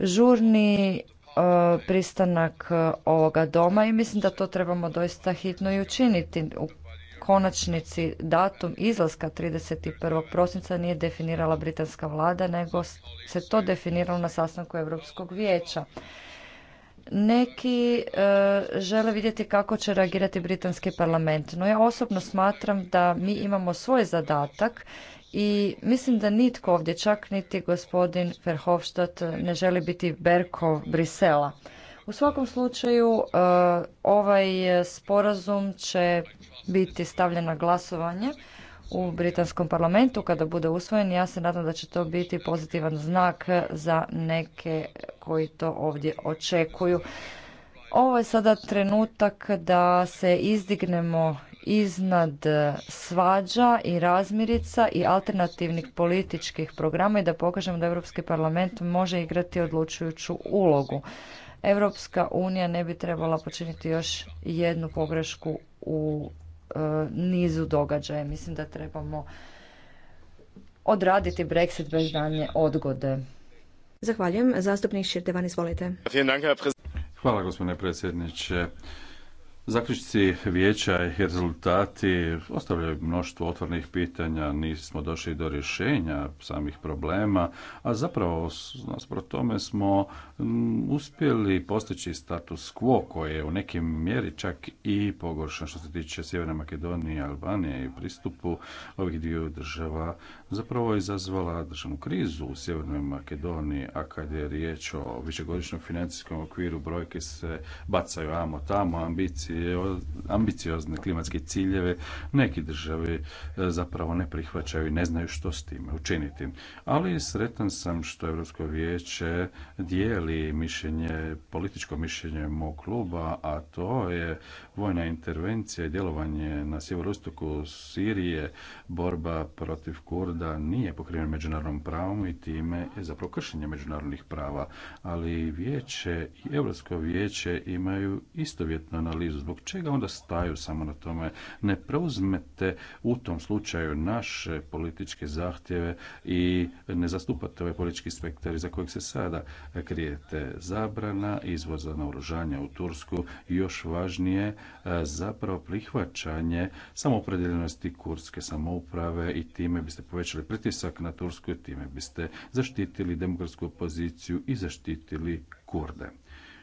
žurni E, pristanak e, ovoga doma i mislim da to trebamo doista hitno i učiniti. U konačnici datum izlaska 31. prosinca nije definirala britanska vlada, nego se to definiralo na sastanku Europskog vijeća. Neki e, žele vidjeti kako će reagirati britanski parlament, no ja osobno smatram da mi imamo svoj zadatak i mislim da nitko ovdje, čak niti gospodin Verhofstadt, ne želi biti Berkov Brisela. U svakom slučaju e, ovaj sporazum će biti stavljen na glasovanje u britanskom parlamentu kada bude usvojen. Ja se nadam da će to biti pozitivan znak za neke koji to ovdje očekuju. Ovo je sada trenutak da se izdignemo iznad e, svađa i razmirica i alternativnih političkih programa i da pokažemo da Europski parlament može igrati odlučujuću ulogu. Europska unija ne bi trebala počiniti još jednu pogrešku u e, nizu događaja. Mislim da trebamo odraditi Brexit bez danje odgode. Zahvaljujem. Zastupnik Širdevan, izvolite. Hvala gospodine predsjedniče. Zaključci vijeća i rezultati ostavljaju mnoštvo otvornih pitanja, nismo došli do rješenja samih problema, a zapravo pro tome smo uspjeli postići status quo koji je u nekim mjeri čak i pogoršan što se tiče Sjeverne Makedonije, Albanije i pristupu ovih dviju država zapravo izazvala državnu krizu u Sjevernoj Makedoniji, a kad je riječ o višegodišnjem financijskom okviru, brojke se bacaju amo tamo, ambicije, ambiciozne klimatske ciljeve, neki državi e, zapravo ne prihvaćaju i ne znaju što s time učiniti. Ali sretan sam što Europsko vijeće dijeli mišljenje, političko mišljenje mog kluba, a to je vojna intervencija i djelovanje na sjeverostoku Sirije, borba protiv Kurda, da nije pokriven međunarodnom pravom i time je zapravo kršenje međunarodnih prava, ali vijeće i Europsko vijeće imaju istovjetnu analizu. Zbog čega onda staju samo na tome? Ne preuzmete u tom slučaju naše političke zahtjeve i ne zastupate ovaj politički spektar za kojeg se sada krijete. Zabrana izvoza naoružanja u Tursku i još važnije e, zapravo prihvaćanje samopredeljenosti kurske samouprave i time biste povećali pritisak na Tursku i time biste zaštitili demokratsku opoziciju i zaštitili Kurde.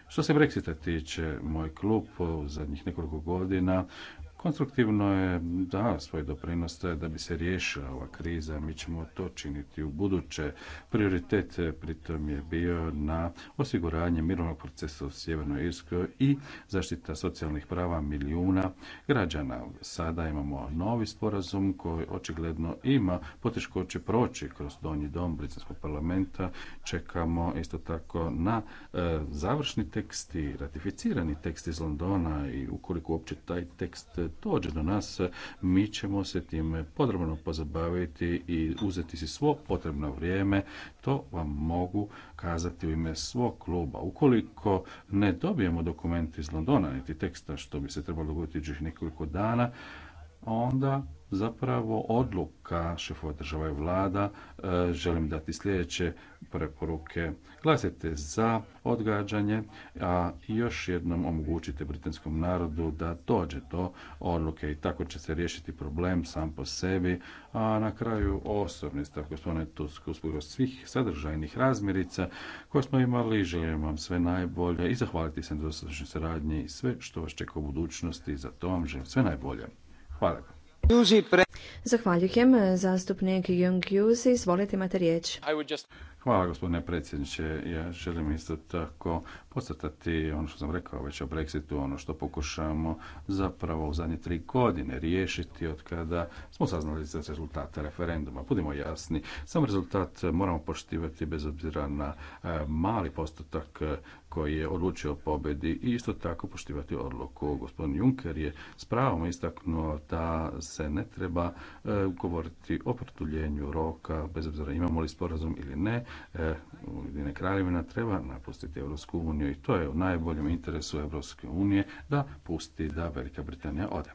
Što se Brexita tiče, moj klub u zadnjih nekoliko godina konstruktivno je da svoj doprinos da bi se riješila ova kriza. Mi ćemo to činiti u buduće. Prioritet eh, pritom je bio na osiguranje mirovnog procesa u Sjevernoj Irskoj i zaštita socijalnih prava milijuna građana. Sada imamo novi sporazum koji očigledno ima poteškoće proći kroz donji dom Britanskog parlamenta. Čekamo isto tako na eh, završni tekst i ratificirani tekst iz Londona i ukoliko uopće taj tekst dođe do nas, mi ćemo se time podrobno pozabaviti i uzeti si svo potrebno vrijeme. To vam mogu kazati u ime svog kluba. Ukoliko ne dobijemo dokument iz Londona, niti teksta, što bi se trebalo dogoditi nekoliko dana, onda zapravo odluka šefova država i vlada. E, želim dati sljedeće preporuke. Glasite za odgađanje, a još jednom omogućite britanskom narodu da dođe do odluke i tako će se riješiti problem sam po sebi. A na kraju osobni stav gospodine Tusk svih sadržajnih razmirica koje smo imali. Želim vam sve najbolje i zahvaliti se na dosadašnjoj suradnji i sve što vas čeka u budućnosti. Za to vam želim sve najbolje. Hvala. Zahvaljujem. Eh, zastupnik Jung Juzi, izvolite imate riječ. Hvala gospodine predsjedniče. Ja želim isto tako postatati ono što sam rekao već o Brexitu, ono što pokušamo zapravo u zadnje tri godine riješiti od kada smo saznali za rezultate referenduma. Budimo jasni, sam rezultat moramo poštivati bez obzira na eh, mali postotak eh, koji je odlučio pobedi i isto tako poštivati odluku. Gospodin Juncker je s pravom istaknuo da se ne treba e, govoriti o produljenju roka, bez obzira imamo li sporazum ili ne. E, Ujedine kraljevina treba napustiti Europsku uniju i to je u najboljem interesu Europske unije da pusti da Velika Britanija ode.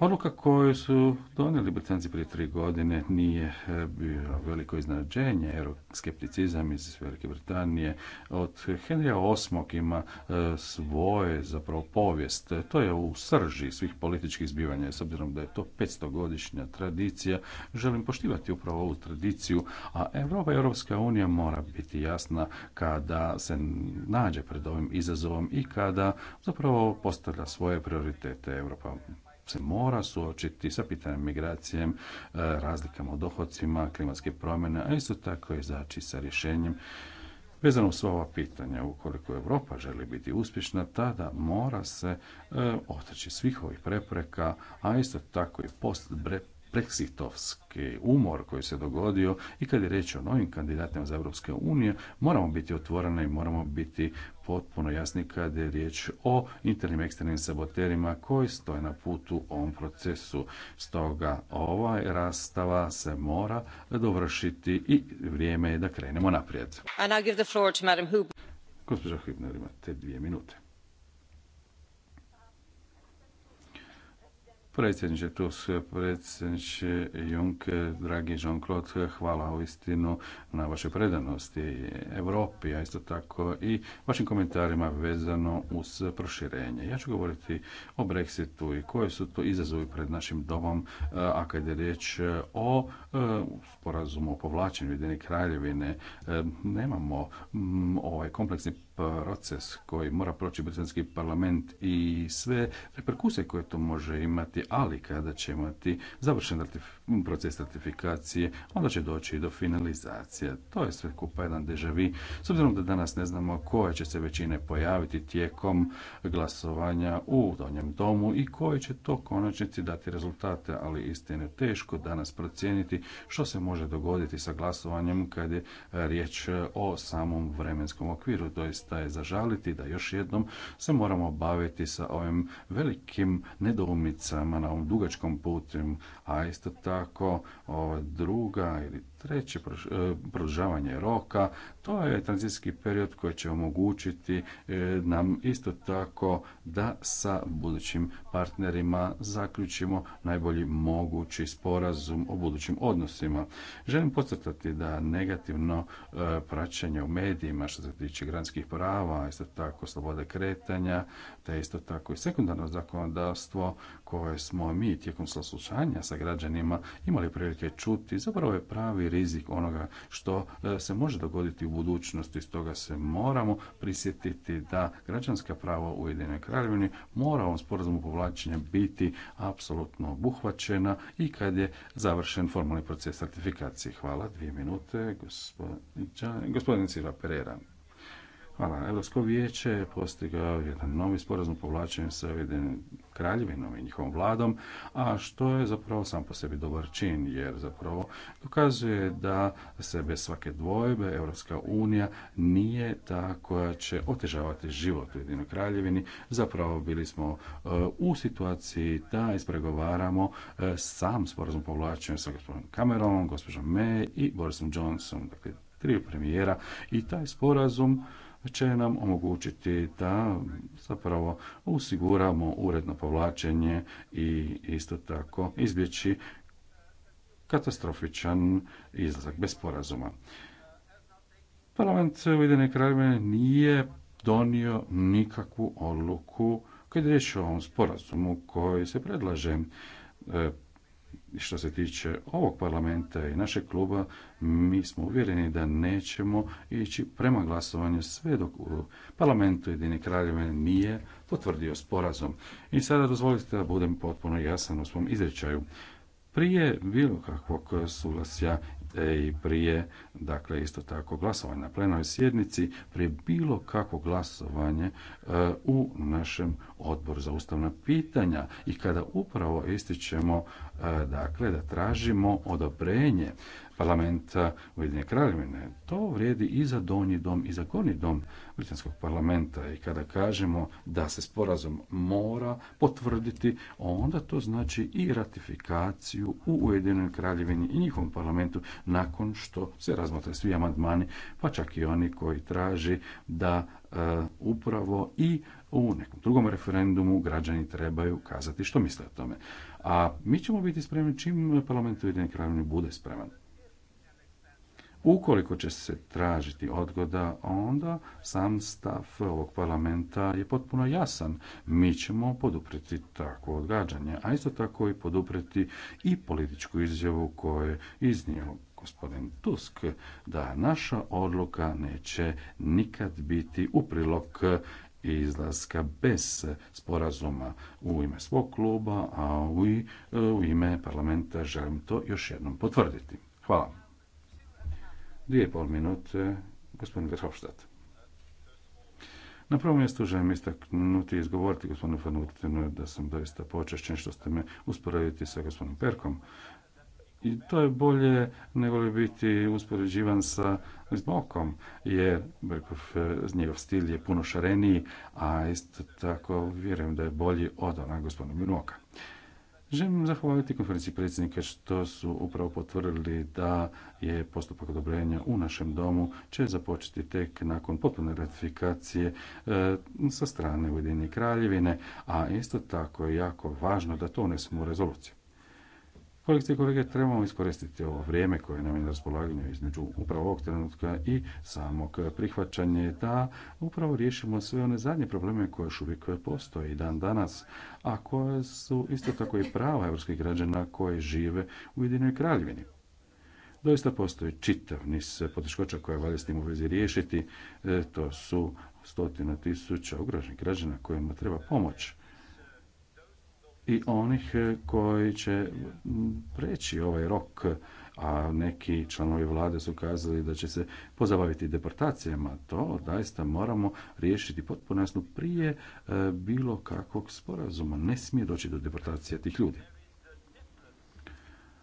Odluka koju su donijeli Britanci prije tri godine nije eh, bio veliko iznađenje. Euroskepticizam iz Velike Britanije od Henrya VIII ima eh, svoje zapravo povijest. To je u srži svih političkih zbivanja. S obzirom da je to 500-godišnja tradicija, želim poštivati upravo ovu tradiciju, a Europa i Europska unija mora biti jasna kada se nađe pred ovim izazovom i kada zapravo postavlja svoje prioritete Europa se mora suočiti sa pitanjem migracijem, e, razlikama u dohodcima, klimatske promjene, a isto tako izaći sa rješenjem Vezano sva ova pitanja, ukoliko Europa želi biti uspješna, tada mora se e, svih ovih prepreka, a isto tako i post brexitovski umor koji se dogodio i kad je riječ o novim kandidatima za Europske unije, moramo biti otvoreni i moramo biti potpuno jasni kad je riječ o internim eksternim saboterima koji stoje na putu ovom procesu. Stoga ova rastava se mora dovršiti i vrijeme je da krenemo naprijed. Gospođa Hübner, imate dvije minute. Predsjedniče Tusk, e, predsjedniče Juncker, dragi Jean-Claude, e, hvala u istinu na vašoj predanosti Europi, a isto tako i vašim komentarima vezano uz proširenje. Ja ću govoriti o Brexitu i koje su to izazovi pred našim domom, e, a kad je riječ o sporazumu o povlačenju Ujedinjene kraljevine, nemamo ovaj kompleksni proces koji mora proći britanski parlament i sve reperkusije koje to može imati, ali kada će imati završen proces ratifikacije, onda će doći do finalizacije. To je sve kupa jedan vu. s obzirom da danas ne znamo koje će se većine pojaviti tijekom glasovanja u donjem domu i koji će to konačnici dati rezultate, ali istine teško danas procijeniti što se može dogoditi sa glasovanjem kad je riječ o samom vremenskom okviru, to je zažaliti da još jednom se moramo baviti sa ovim velikim nedoumicama na ovom dugačkom putu, a isto tako ova druga ili Treće, e, produžavanje roka, to je tranzicijski period koji će omogućiti e, nam isto tako da sa budućim partnerima zaključimo najbolji mogući sporazum o budućim odnosima. Želim podcrtati da negativno e, praćenje u medijima što se tiče granskih prava, isto tako slobode kretanja, te isto tako i sekundarno zakonodavstvo koje smo mi tijekom saslušanja sa građanima imali prilike čuti, zapravo je pravi rizik onoga što e, se može dogoditi u budućnosti. Stoga se moramo prisjetiti da građanska prava u Ujedinjenoj kraljevini mora ovom sporazumu povlačenja biti apsolutno obuhvaćena i kad je završen formalni proces ratifikacije. Hvala, dvije minute, gospodin Silva Pereira. Hvala. Europsko vijeće je postigao jedan novi sporazum povlačenjem sa Ujedinjenim kraljevinom i njihovom vladom, a što je zapravo sam po sebi dobar čin, jer zapravo dokazuje da se bez svake dvojbe Evropska unija nije ta koja će otežavati život u kraljevini. Zapravo bili smo e, u situaciji da ispregovaramo e, sam sporazum povlačenjem sa gospodinom Cameronom, gospođom May i Borisom Johnsonom, dakle tri premijera i taj sporazum će nam omogućiti da zapravo osiguramo uredno povlačenje i isto tako izbjeći katastrofičan izlazak bez sporazuma. Parlament Ujedine kraljevine nije donio nikakvu odluku kad je riječ o ovom sporazumu koji se predlaže e, što se tiče ovog parlamenta i našeg kluba, mi smo uvjereni da nećemo ići prema glasovanju sve dok u parlamentu Jedine kraljeve nije potvrdio sporazum. I sada dozvolite da budem potpuno jasan u svom izrečaju. Prije bilo kakvog suglasja E, i prije, dakle isto tako glasovanje na plenoj sjednici, prije bilo kako glasovanje e, u našem odboru za ustavna pitanja i kada upravo ističemo e, dakle da tražimo odobrenje parlamenta Ujedinje kraljevine. To vrijedi i za donji dom i za gornji dom britanskog parlamenta i kada kažemo da se sporazum mora potvrditi, onda to znači i ratifikaciju u Ujedinjenoj kraljevini i njihovom parlamentu nakon što se razmotre svi amandmani, pa čak i oni koji traži da e, upravo i u nekom drugom referendumu građani trebaju kazati što misle o tome. A mi ćemo biti spremni čim parlament Ujedinjene kraljevine bude spreman. Ukoliko će se tražiti odgoda, onda sam stav ovog parlamenta je potpuno jasan. Mi ćemo podupreti takvo odgađanje, a isto tako i podupreti i političku izjavu koju je iznio gospodin Tusk, da naša odluka neće nikad biti u prilog izlaska bez sporazuma u ime svog kluba, a u e, ime parlamenta želim to još jednom potvrditi. Hvala. Dvije i pol minute, gospodin Verhofstadt. Na prvom mjestu želim istaknuti i izgovoriti gospodinu Fanutinu da sam doista počešćen što ste me usporediti sa gospodinom Perkom. I to je bolje nego li biti uspoređivan sa Zmokom, jer njegov stil je puno šareniji, a isto tako vjerujem da je bolji od onog gospodina Minoka. Želim zahvaliti konferenciji predsjednika što su upravo potvrdili da je postupak odobrenja u našem domu će započeti tek nakon potpune ratifikacije eh, sa strane Ujedinjene kraljevine, a isto tako je jako važno da to unesemo u rezoluciju. Kolegice i kolege, trebamo iskoristiti ovo vrijeme koje nam je na raspolaganju između upravo ovog trenutka i samog prihvaćanja da upravo riješimo sve one zadnje probleme koje još uvijek postoje i dan danas, a koje su isto tako i prava evropskih građana koje žive u jedinoj kraljevini. Doista postoji čitav niz poteškoća koje valja s tim u vezi riješiti. E, to su stotina tisuća ugroženih građana kojima treba pomoć i onih e, koji će preći ovaj rok a neki članovi vlade su kazali da će se pozabaviti deportacijama. To daista moramo riješiti potpuno jasno prije e, bilo kakvog sporazuma. Ne smije doći do deportacije tih ljudi.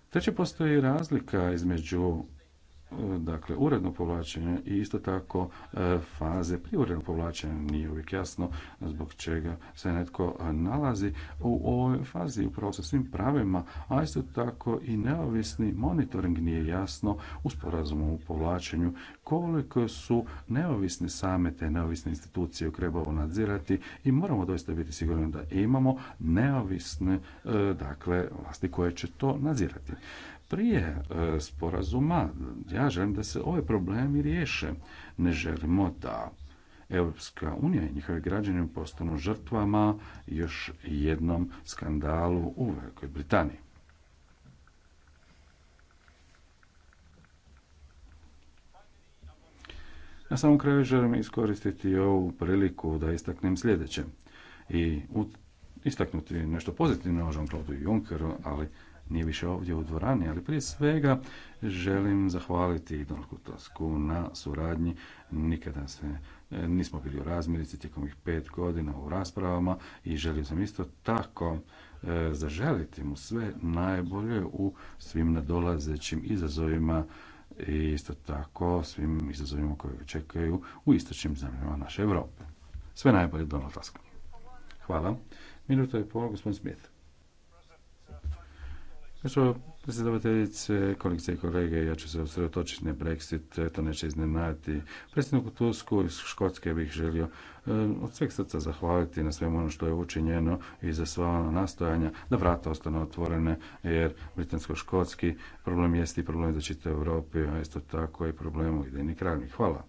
Treće, postoji razlika između dakle uredno povlačenje i isto tako e, faze uredno povlačenja nije uvijek jasno zbog čega se netko nalazi u ovoj fazi upravo sa svim pravima, a isto tako i neovisni monitoring nije jasno u sporazumu o povlačenju koliko su neovisne same te neovisne institucije trebalo nadzirati i moramo doista biti sigurni da imamo neovisne e, dakle vlasti koje će to nadzirati prije e, sporazuma ja želim da se ove problemi riješe. Ne želimo da Europska unija i njihovi građani postanu žrtvama još jednom skandalu u Velikoj Britaniji. Na samom kraju želim iskoristiti ovu priliku da istaknem sljedeće i istaknuti nešto pozitivno o Jean-Claude Junckeru, ali nije više ovdje u dvorani, ali prije svega želim zahvaliti donku Tosku na suradnji. Nikada se e, nismo bili u razmirici tijekom ovih pet godina u raspravama i želio sam isto tako e, zaželiti mu sve najbolje u svim nadolazećim izazovima i isto tako svim izazovima koje očekaju u istočnim zemljama naše Europe. Sve najbolje Donald Hvala. Minuto je pol, gospodin Smith. Znači, predsjedavateljice, kolegice i kolege, ja ću se usredotočiti na Brexit, to neće iznenaditi. Predsjedniku Tusku iz Škotske bih želio eh, od sveg srca zahvaliti na svemu ono što je učinjeno i za sva ona nastojanja da vrata ostanu otvorene jer britansko-škotski problem jeste i problem za čitavu Europu, a isto tako i problem u Hvala.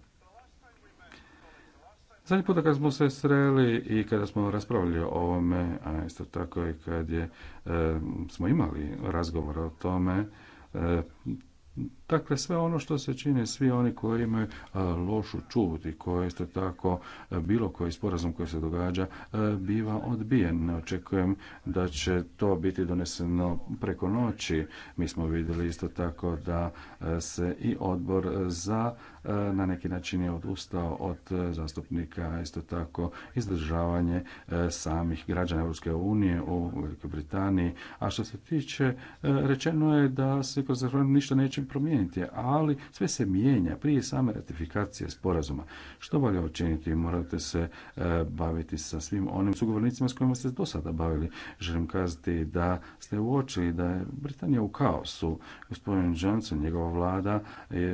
Zadnji puta kad smo se sreli i kada smo raspravljali o ovome, a isto tako i kad je, eh, smo imali razgovor o tome, e, Dakle, sve ono što se čine, svi oni koji imaju eh, lošu čut i koji isto tako bilo koji sporazum koji se događa biva odbijen. Ne očekujem da će to biti doneseno preko noći. Mi smo vidjeli isto tako da se i odbor za na neki način je odustao od zastupnika, isto tako izdržavanje e, samih građana Europske unije u Velikoj Britaniji. A što se tiče, e, rečeno je da se kroz ništa neće promijeniti, ali sve se mijenja prije same ratifikacije sporazuma. Što valja učiniti? Morate se e, baviti sa svim onim sugovornicima s kojima ste do sada bavili. Želim kazati da ste uočili da je Britanija u kaosu. Gospodin Johnson, njegova vlada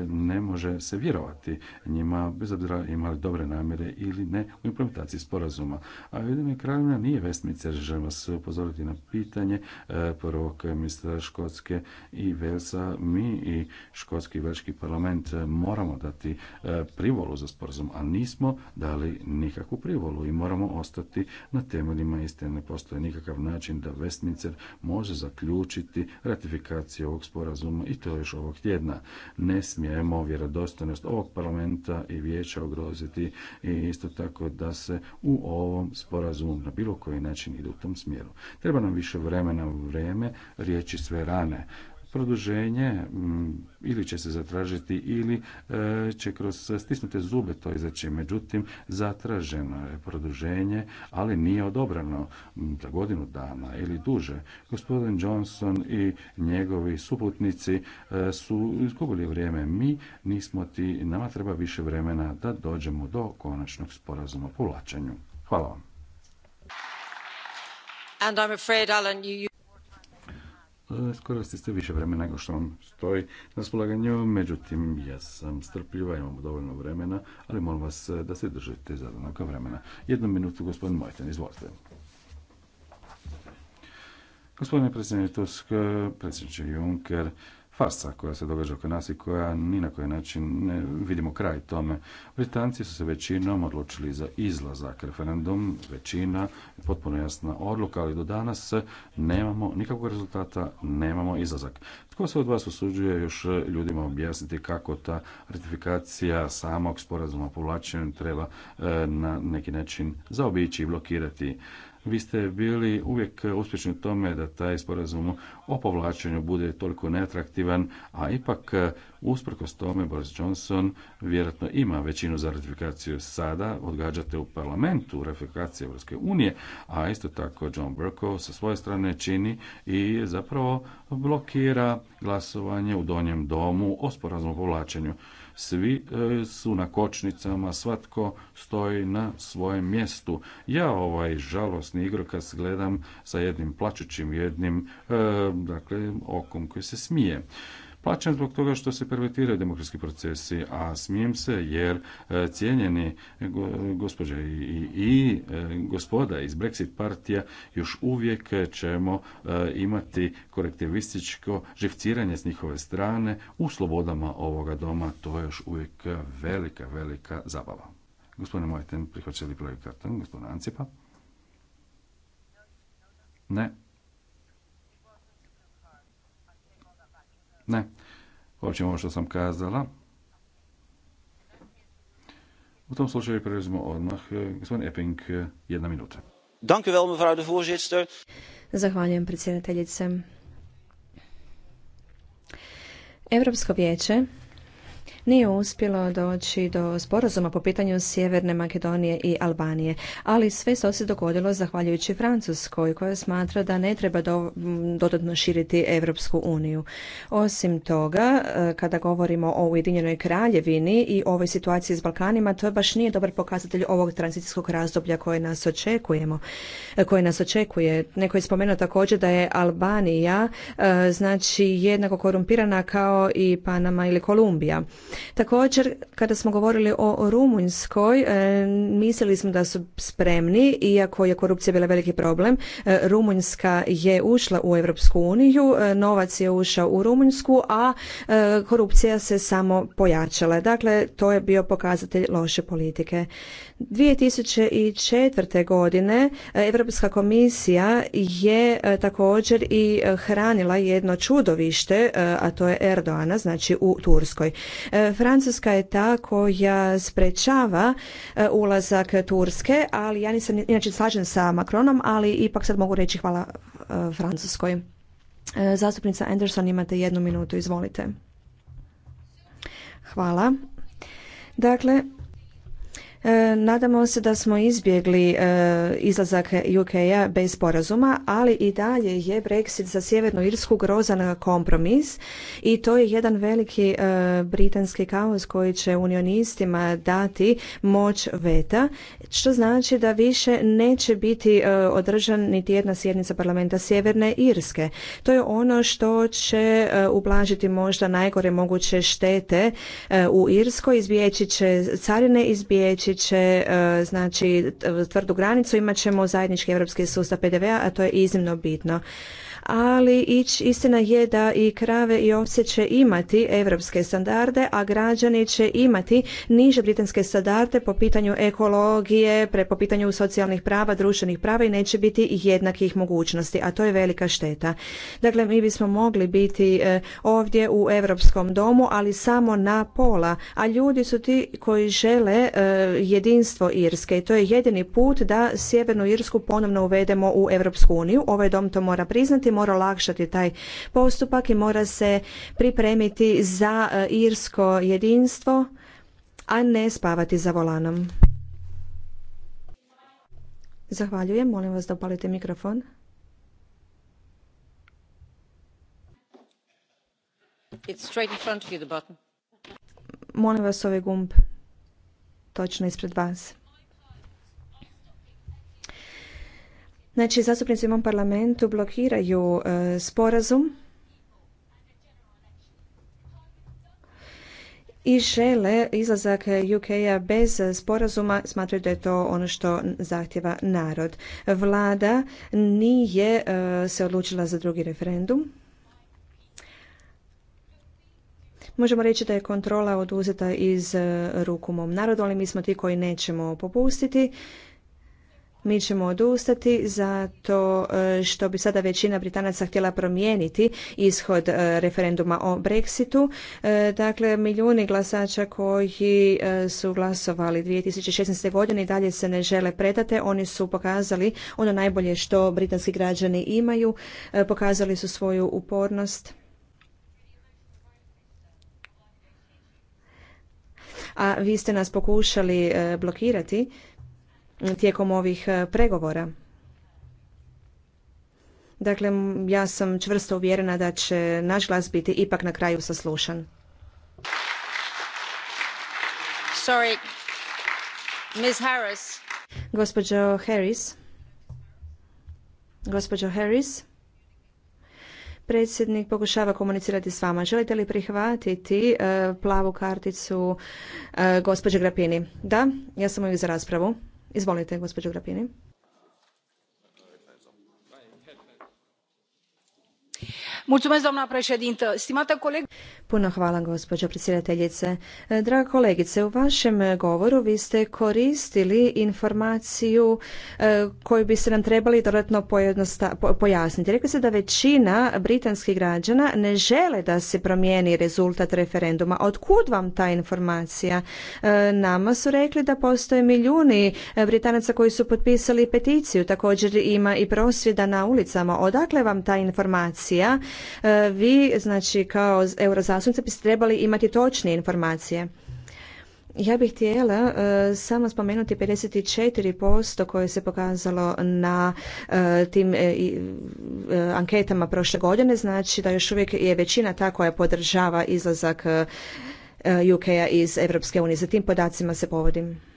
ne može se vjerovati vjerovati njima, bez obzira imali dobre namjere ili ne u implementaciji sporazuma. A je, kraljevina nije Vesmice. želim vas upozoriti na pitanje e, prvog ministra Škotske i Velsa. Mi i Škotski i Velski parlament moramo dati e, privolu za sporazum, a nismo dali nikakvu privolu i moramo ostati na temeljima istine. Ne postoji nikakav način da Vesmice može zaključiti ratifikaciju ovog sporazuma i to još ovog tjedna. Ne smijemo vjerodostojnost ovog parlamenta i vijeća ugroziti i isto tako da se u ovom sporazumu na bilo koji način ide u tom smjeru. Treba nam više vremena u vrijeme riječi sve rane produženje mm, ili će se zatražiti ili e, će kroz stisnute zube to izaći. Međutim, zatraženo je produženje, ali nije odobrano mm, za godinu dana ili duže. Gospodin Johnson i njegovi suputnici e, su izgubili vrijeme. Mi nismo ti, nama treba više vremena da dođemo do konačnog sporazuma o povlačenju. Hvala vam. And I'm afraid, Alan, you skoro ste više vremena nego što vam stoji na spolaganju, međutim ja sam strpljiva, imam dovoljno vremena, ali molim vas eh, da se držite zadanog vremena. Jednu minutu, gospodin Mojten, izvolite. Gospodine predsjedniče Tusk, predsjedniče Juncker, farsa koja se događa oko nas i koja ni na koji način ne vidimo kraj tome. Britanci su se većinom odlučili za izlazak referendum, većina, potpuno jasna odluka, ali do danas nemamo nikakvog rezultata, nemamo izlazak. Tko se od vas osuđuje još ljudima objasniti kako ta ratifikacija samog sporazuma povlačenja treba eh, na neki način zaobići i blokirati? Vi ste bili uvijek uspješni u tome da taj sporazum o povlačenju bude toliko neatraktivan, a ipak e, usprkos tome Boris Johnson vjerojatno ima većinu za ratifikaciju sada, odgađate u parlamentu ratifikacije Europske unije, a isto tako John Burko sa svoje strane čini i zapravo blokira glasovanje u donjem domu o sporazumu o povlačenju. Svi e, su na kočnicama, svatko stoji na svojem mjestu. Ja ovaj žalosni igrokaz gledam sa jednim plačućim, jednim e, dakle, okom koji se smije. Plaćam zbog toga što se pervertiraju demokratski procesi, a smijem se jer e, cijenjeni gospođe i, e, gospoda iz Brexit partija još uvijek ćemo e, imati korektivističko živciranje s njihove strane u slobodama ovoga doma. To je još uvijek velika, velika zabava. Gospodine Mojten, prihvaćali projekat? karton, gospodina Ancipa? Ne. Ne. Hoćemo ovo što sam kazala. U tom slučaju prelazimo odmah. E, gospodin Epping, e, jedna minuta. Dank u wel, mevrouw de voorzitter. Zahvaljujem, predsjedateljice. Europsko vijeće nije uspjelo doći do sporazuma po pitanju Sjeverne Makedonije i Albanije, ali sve se se dogodilo zahvaljujući Francuskoj koja smatra da ne treba dodatno širiti Evropsku uniju. Osim toga, e, kada govorimo o Ujedinjenoj kraljevini i ovoj situaciji s Balkanima, to baš nije dobar pokazatelj ovog tranzicijskog razdoblja koje nas očekujemo, e, koje nas očekuje. Neko je spomenuo također da je Albanija e, znači jednako korumpirana kao i Panama ili Kolumbija. Također, kada smo govorili o Rumunjskoj, e, mislili smo da su spremni, iako je korupcija bila veliki problem. E, Rumunjska je ušla u Europsku uniju, e, novac je ušao u Rumunjsku, a korupcija se samo pojačala. Dakle, to je bio pokazatelj loše politike. 2004. godine Europska komisija je također i hranila jedno čudovište, a to je Erdoana, znači u Turskoj. Francuska je ta koja sprečava e, ulazak Turske, ali ja nisam inače slažem sa Macronom, ali ipak sad mogu reći hvala e, Francuskoj. E, zastupnica Anderson, imate jednu minutu, izvolite. Hvala. Dakle, E, nadamo se da smo izbjegli e, izlazak UK-a bez sporazuma, ali i dalje je Brexit za Sjevernu Irsku grozan kompromis i to je jedan veliki e, britanski kaos koji će unionistima dati moć veta, što znači da više neće biti održan niti jedna sjednica parlamenta Sjeverne Irske. To je ono što će ublažiti možda najgore moguće štete u Irskoj, izbjeći će carine, izbjeći će e, znači tvrdu granicu, imat ćemo zajednički europski sustav PDV-a, a to je iznimno bitno ali istina je da i krave i ovce će imati europske standarde, a građani će imati niže britanske standarde po pitanju ekologije, pre, po pitanju socijalnih prava, društvenih prava i neće biti jednakih mogućnosti, a to je velika šteta. Dakle, mi bismo mogli biti e, ovdje u Europskom domu, ali samo na pola, a ljudi su ti koji žele e, jedinstvo Irske i to je jedini put da Sjevernu Irsku ponovno uvedemo u Europsku uniju. Ovaj dom to mora priznati, mora olakšati taj postupak i mora se pripremiti za e, irsko jedinstvo, a ne spavati za volanom. Zahvaljujem, molim vas da upalite mikrofon. It's in front of you, Molim vas ovaj gumb točno ispred vas. Znači, zastupnici u ovom parlamentu blokiraju e, sporazum i žele izlazak UK-a bez sporazuma, smatraju da je to ono što zahtjeva narod. Vlada nije e, se odlučila za drugi referendum. Možemo reći da je kontrola oduzeta iz e, ruku mom narodu, ali mi smo ti koji nećemo popustiti mi ćemo odustati zato e, što bi sada većina Britanaca htjela promijeniti ishod e, referenduma o Brexitu. E, dakle, milijuni glasača koji su glasovali 2016. godine i dalje se ne žele predate. Oni su pokazali ono najbolje što britanski građani imaju. Pokazali su svoju upornost. A vi ste nas pokušali blokirati tijekom ovih e, pregovora. Dakle, ja sam čvrsto uvjerena da će naš glas biti ipak na kraju saslušan. Sorry. Ms. Harris. Gospođo Harris. Gospođo Harris. Predsjednik pokušava komunicirati s vama. Želite li prihvatiti e, plavu karticu e, gospođe Grapini? Da, ja sam uvijek za raspravu. Izvolite, gospođo Grapini. doamnă președintă stimată puno hvala gospođo predsjedateljice e, draga kolegice u vašem govoru vi ste koristili informaciju e, koju se nam trebali dodatno pojasniti rekli ste da većina britanskih građana ne žele da se promijeni rezultat referenduma otkud vam ta informacija e, nama su rekli da postoje milijuni britanaca koji su potpisali peticiju također ima i prosvjeda na ulicama odakle vam ta informacija E, vi, znači, kao eurozastupnica biste trebali imati točne informacije. Ja bih htjela e, samo spomenuti 54% koje se pokazalo na e, tim anketama prošle godine, znači da još uvijek je većina ta koja podržava izlazak UK-a iz Europske unije. Za tim podacima se povodim.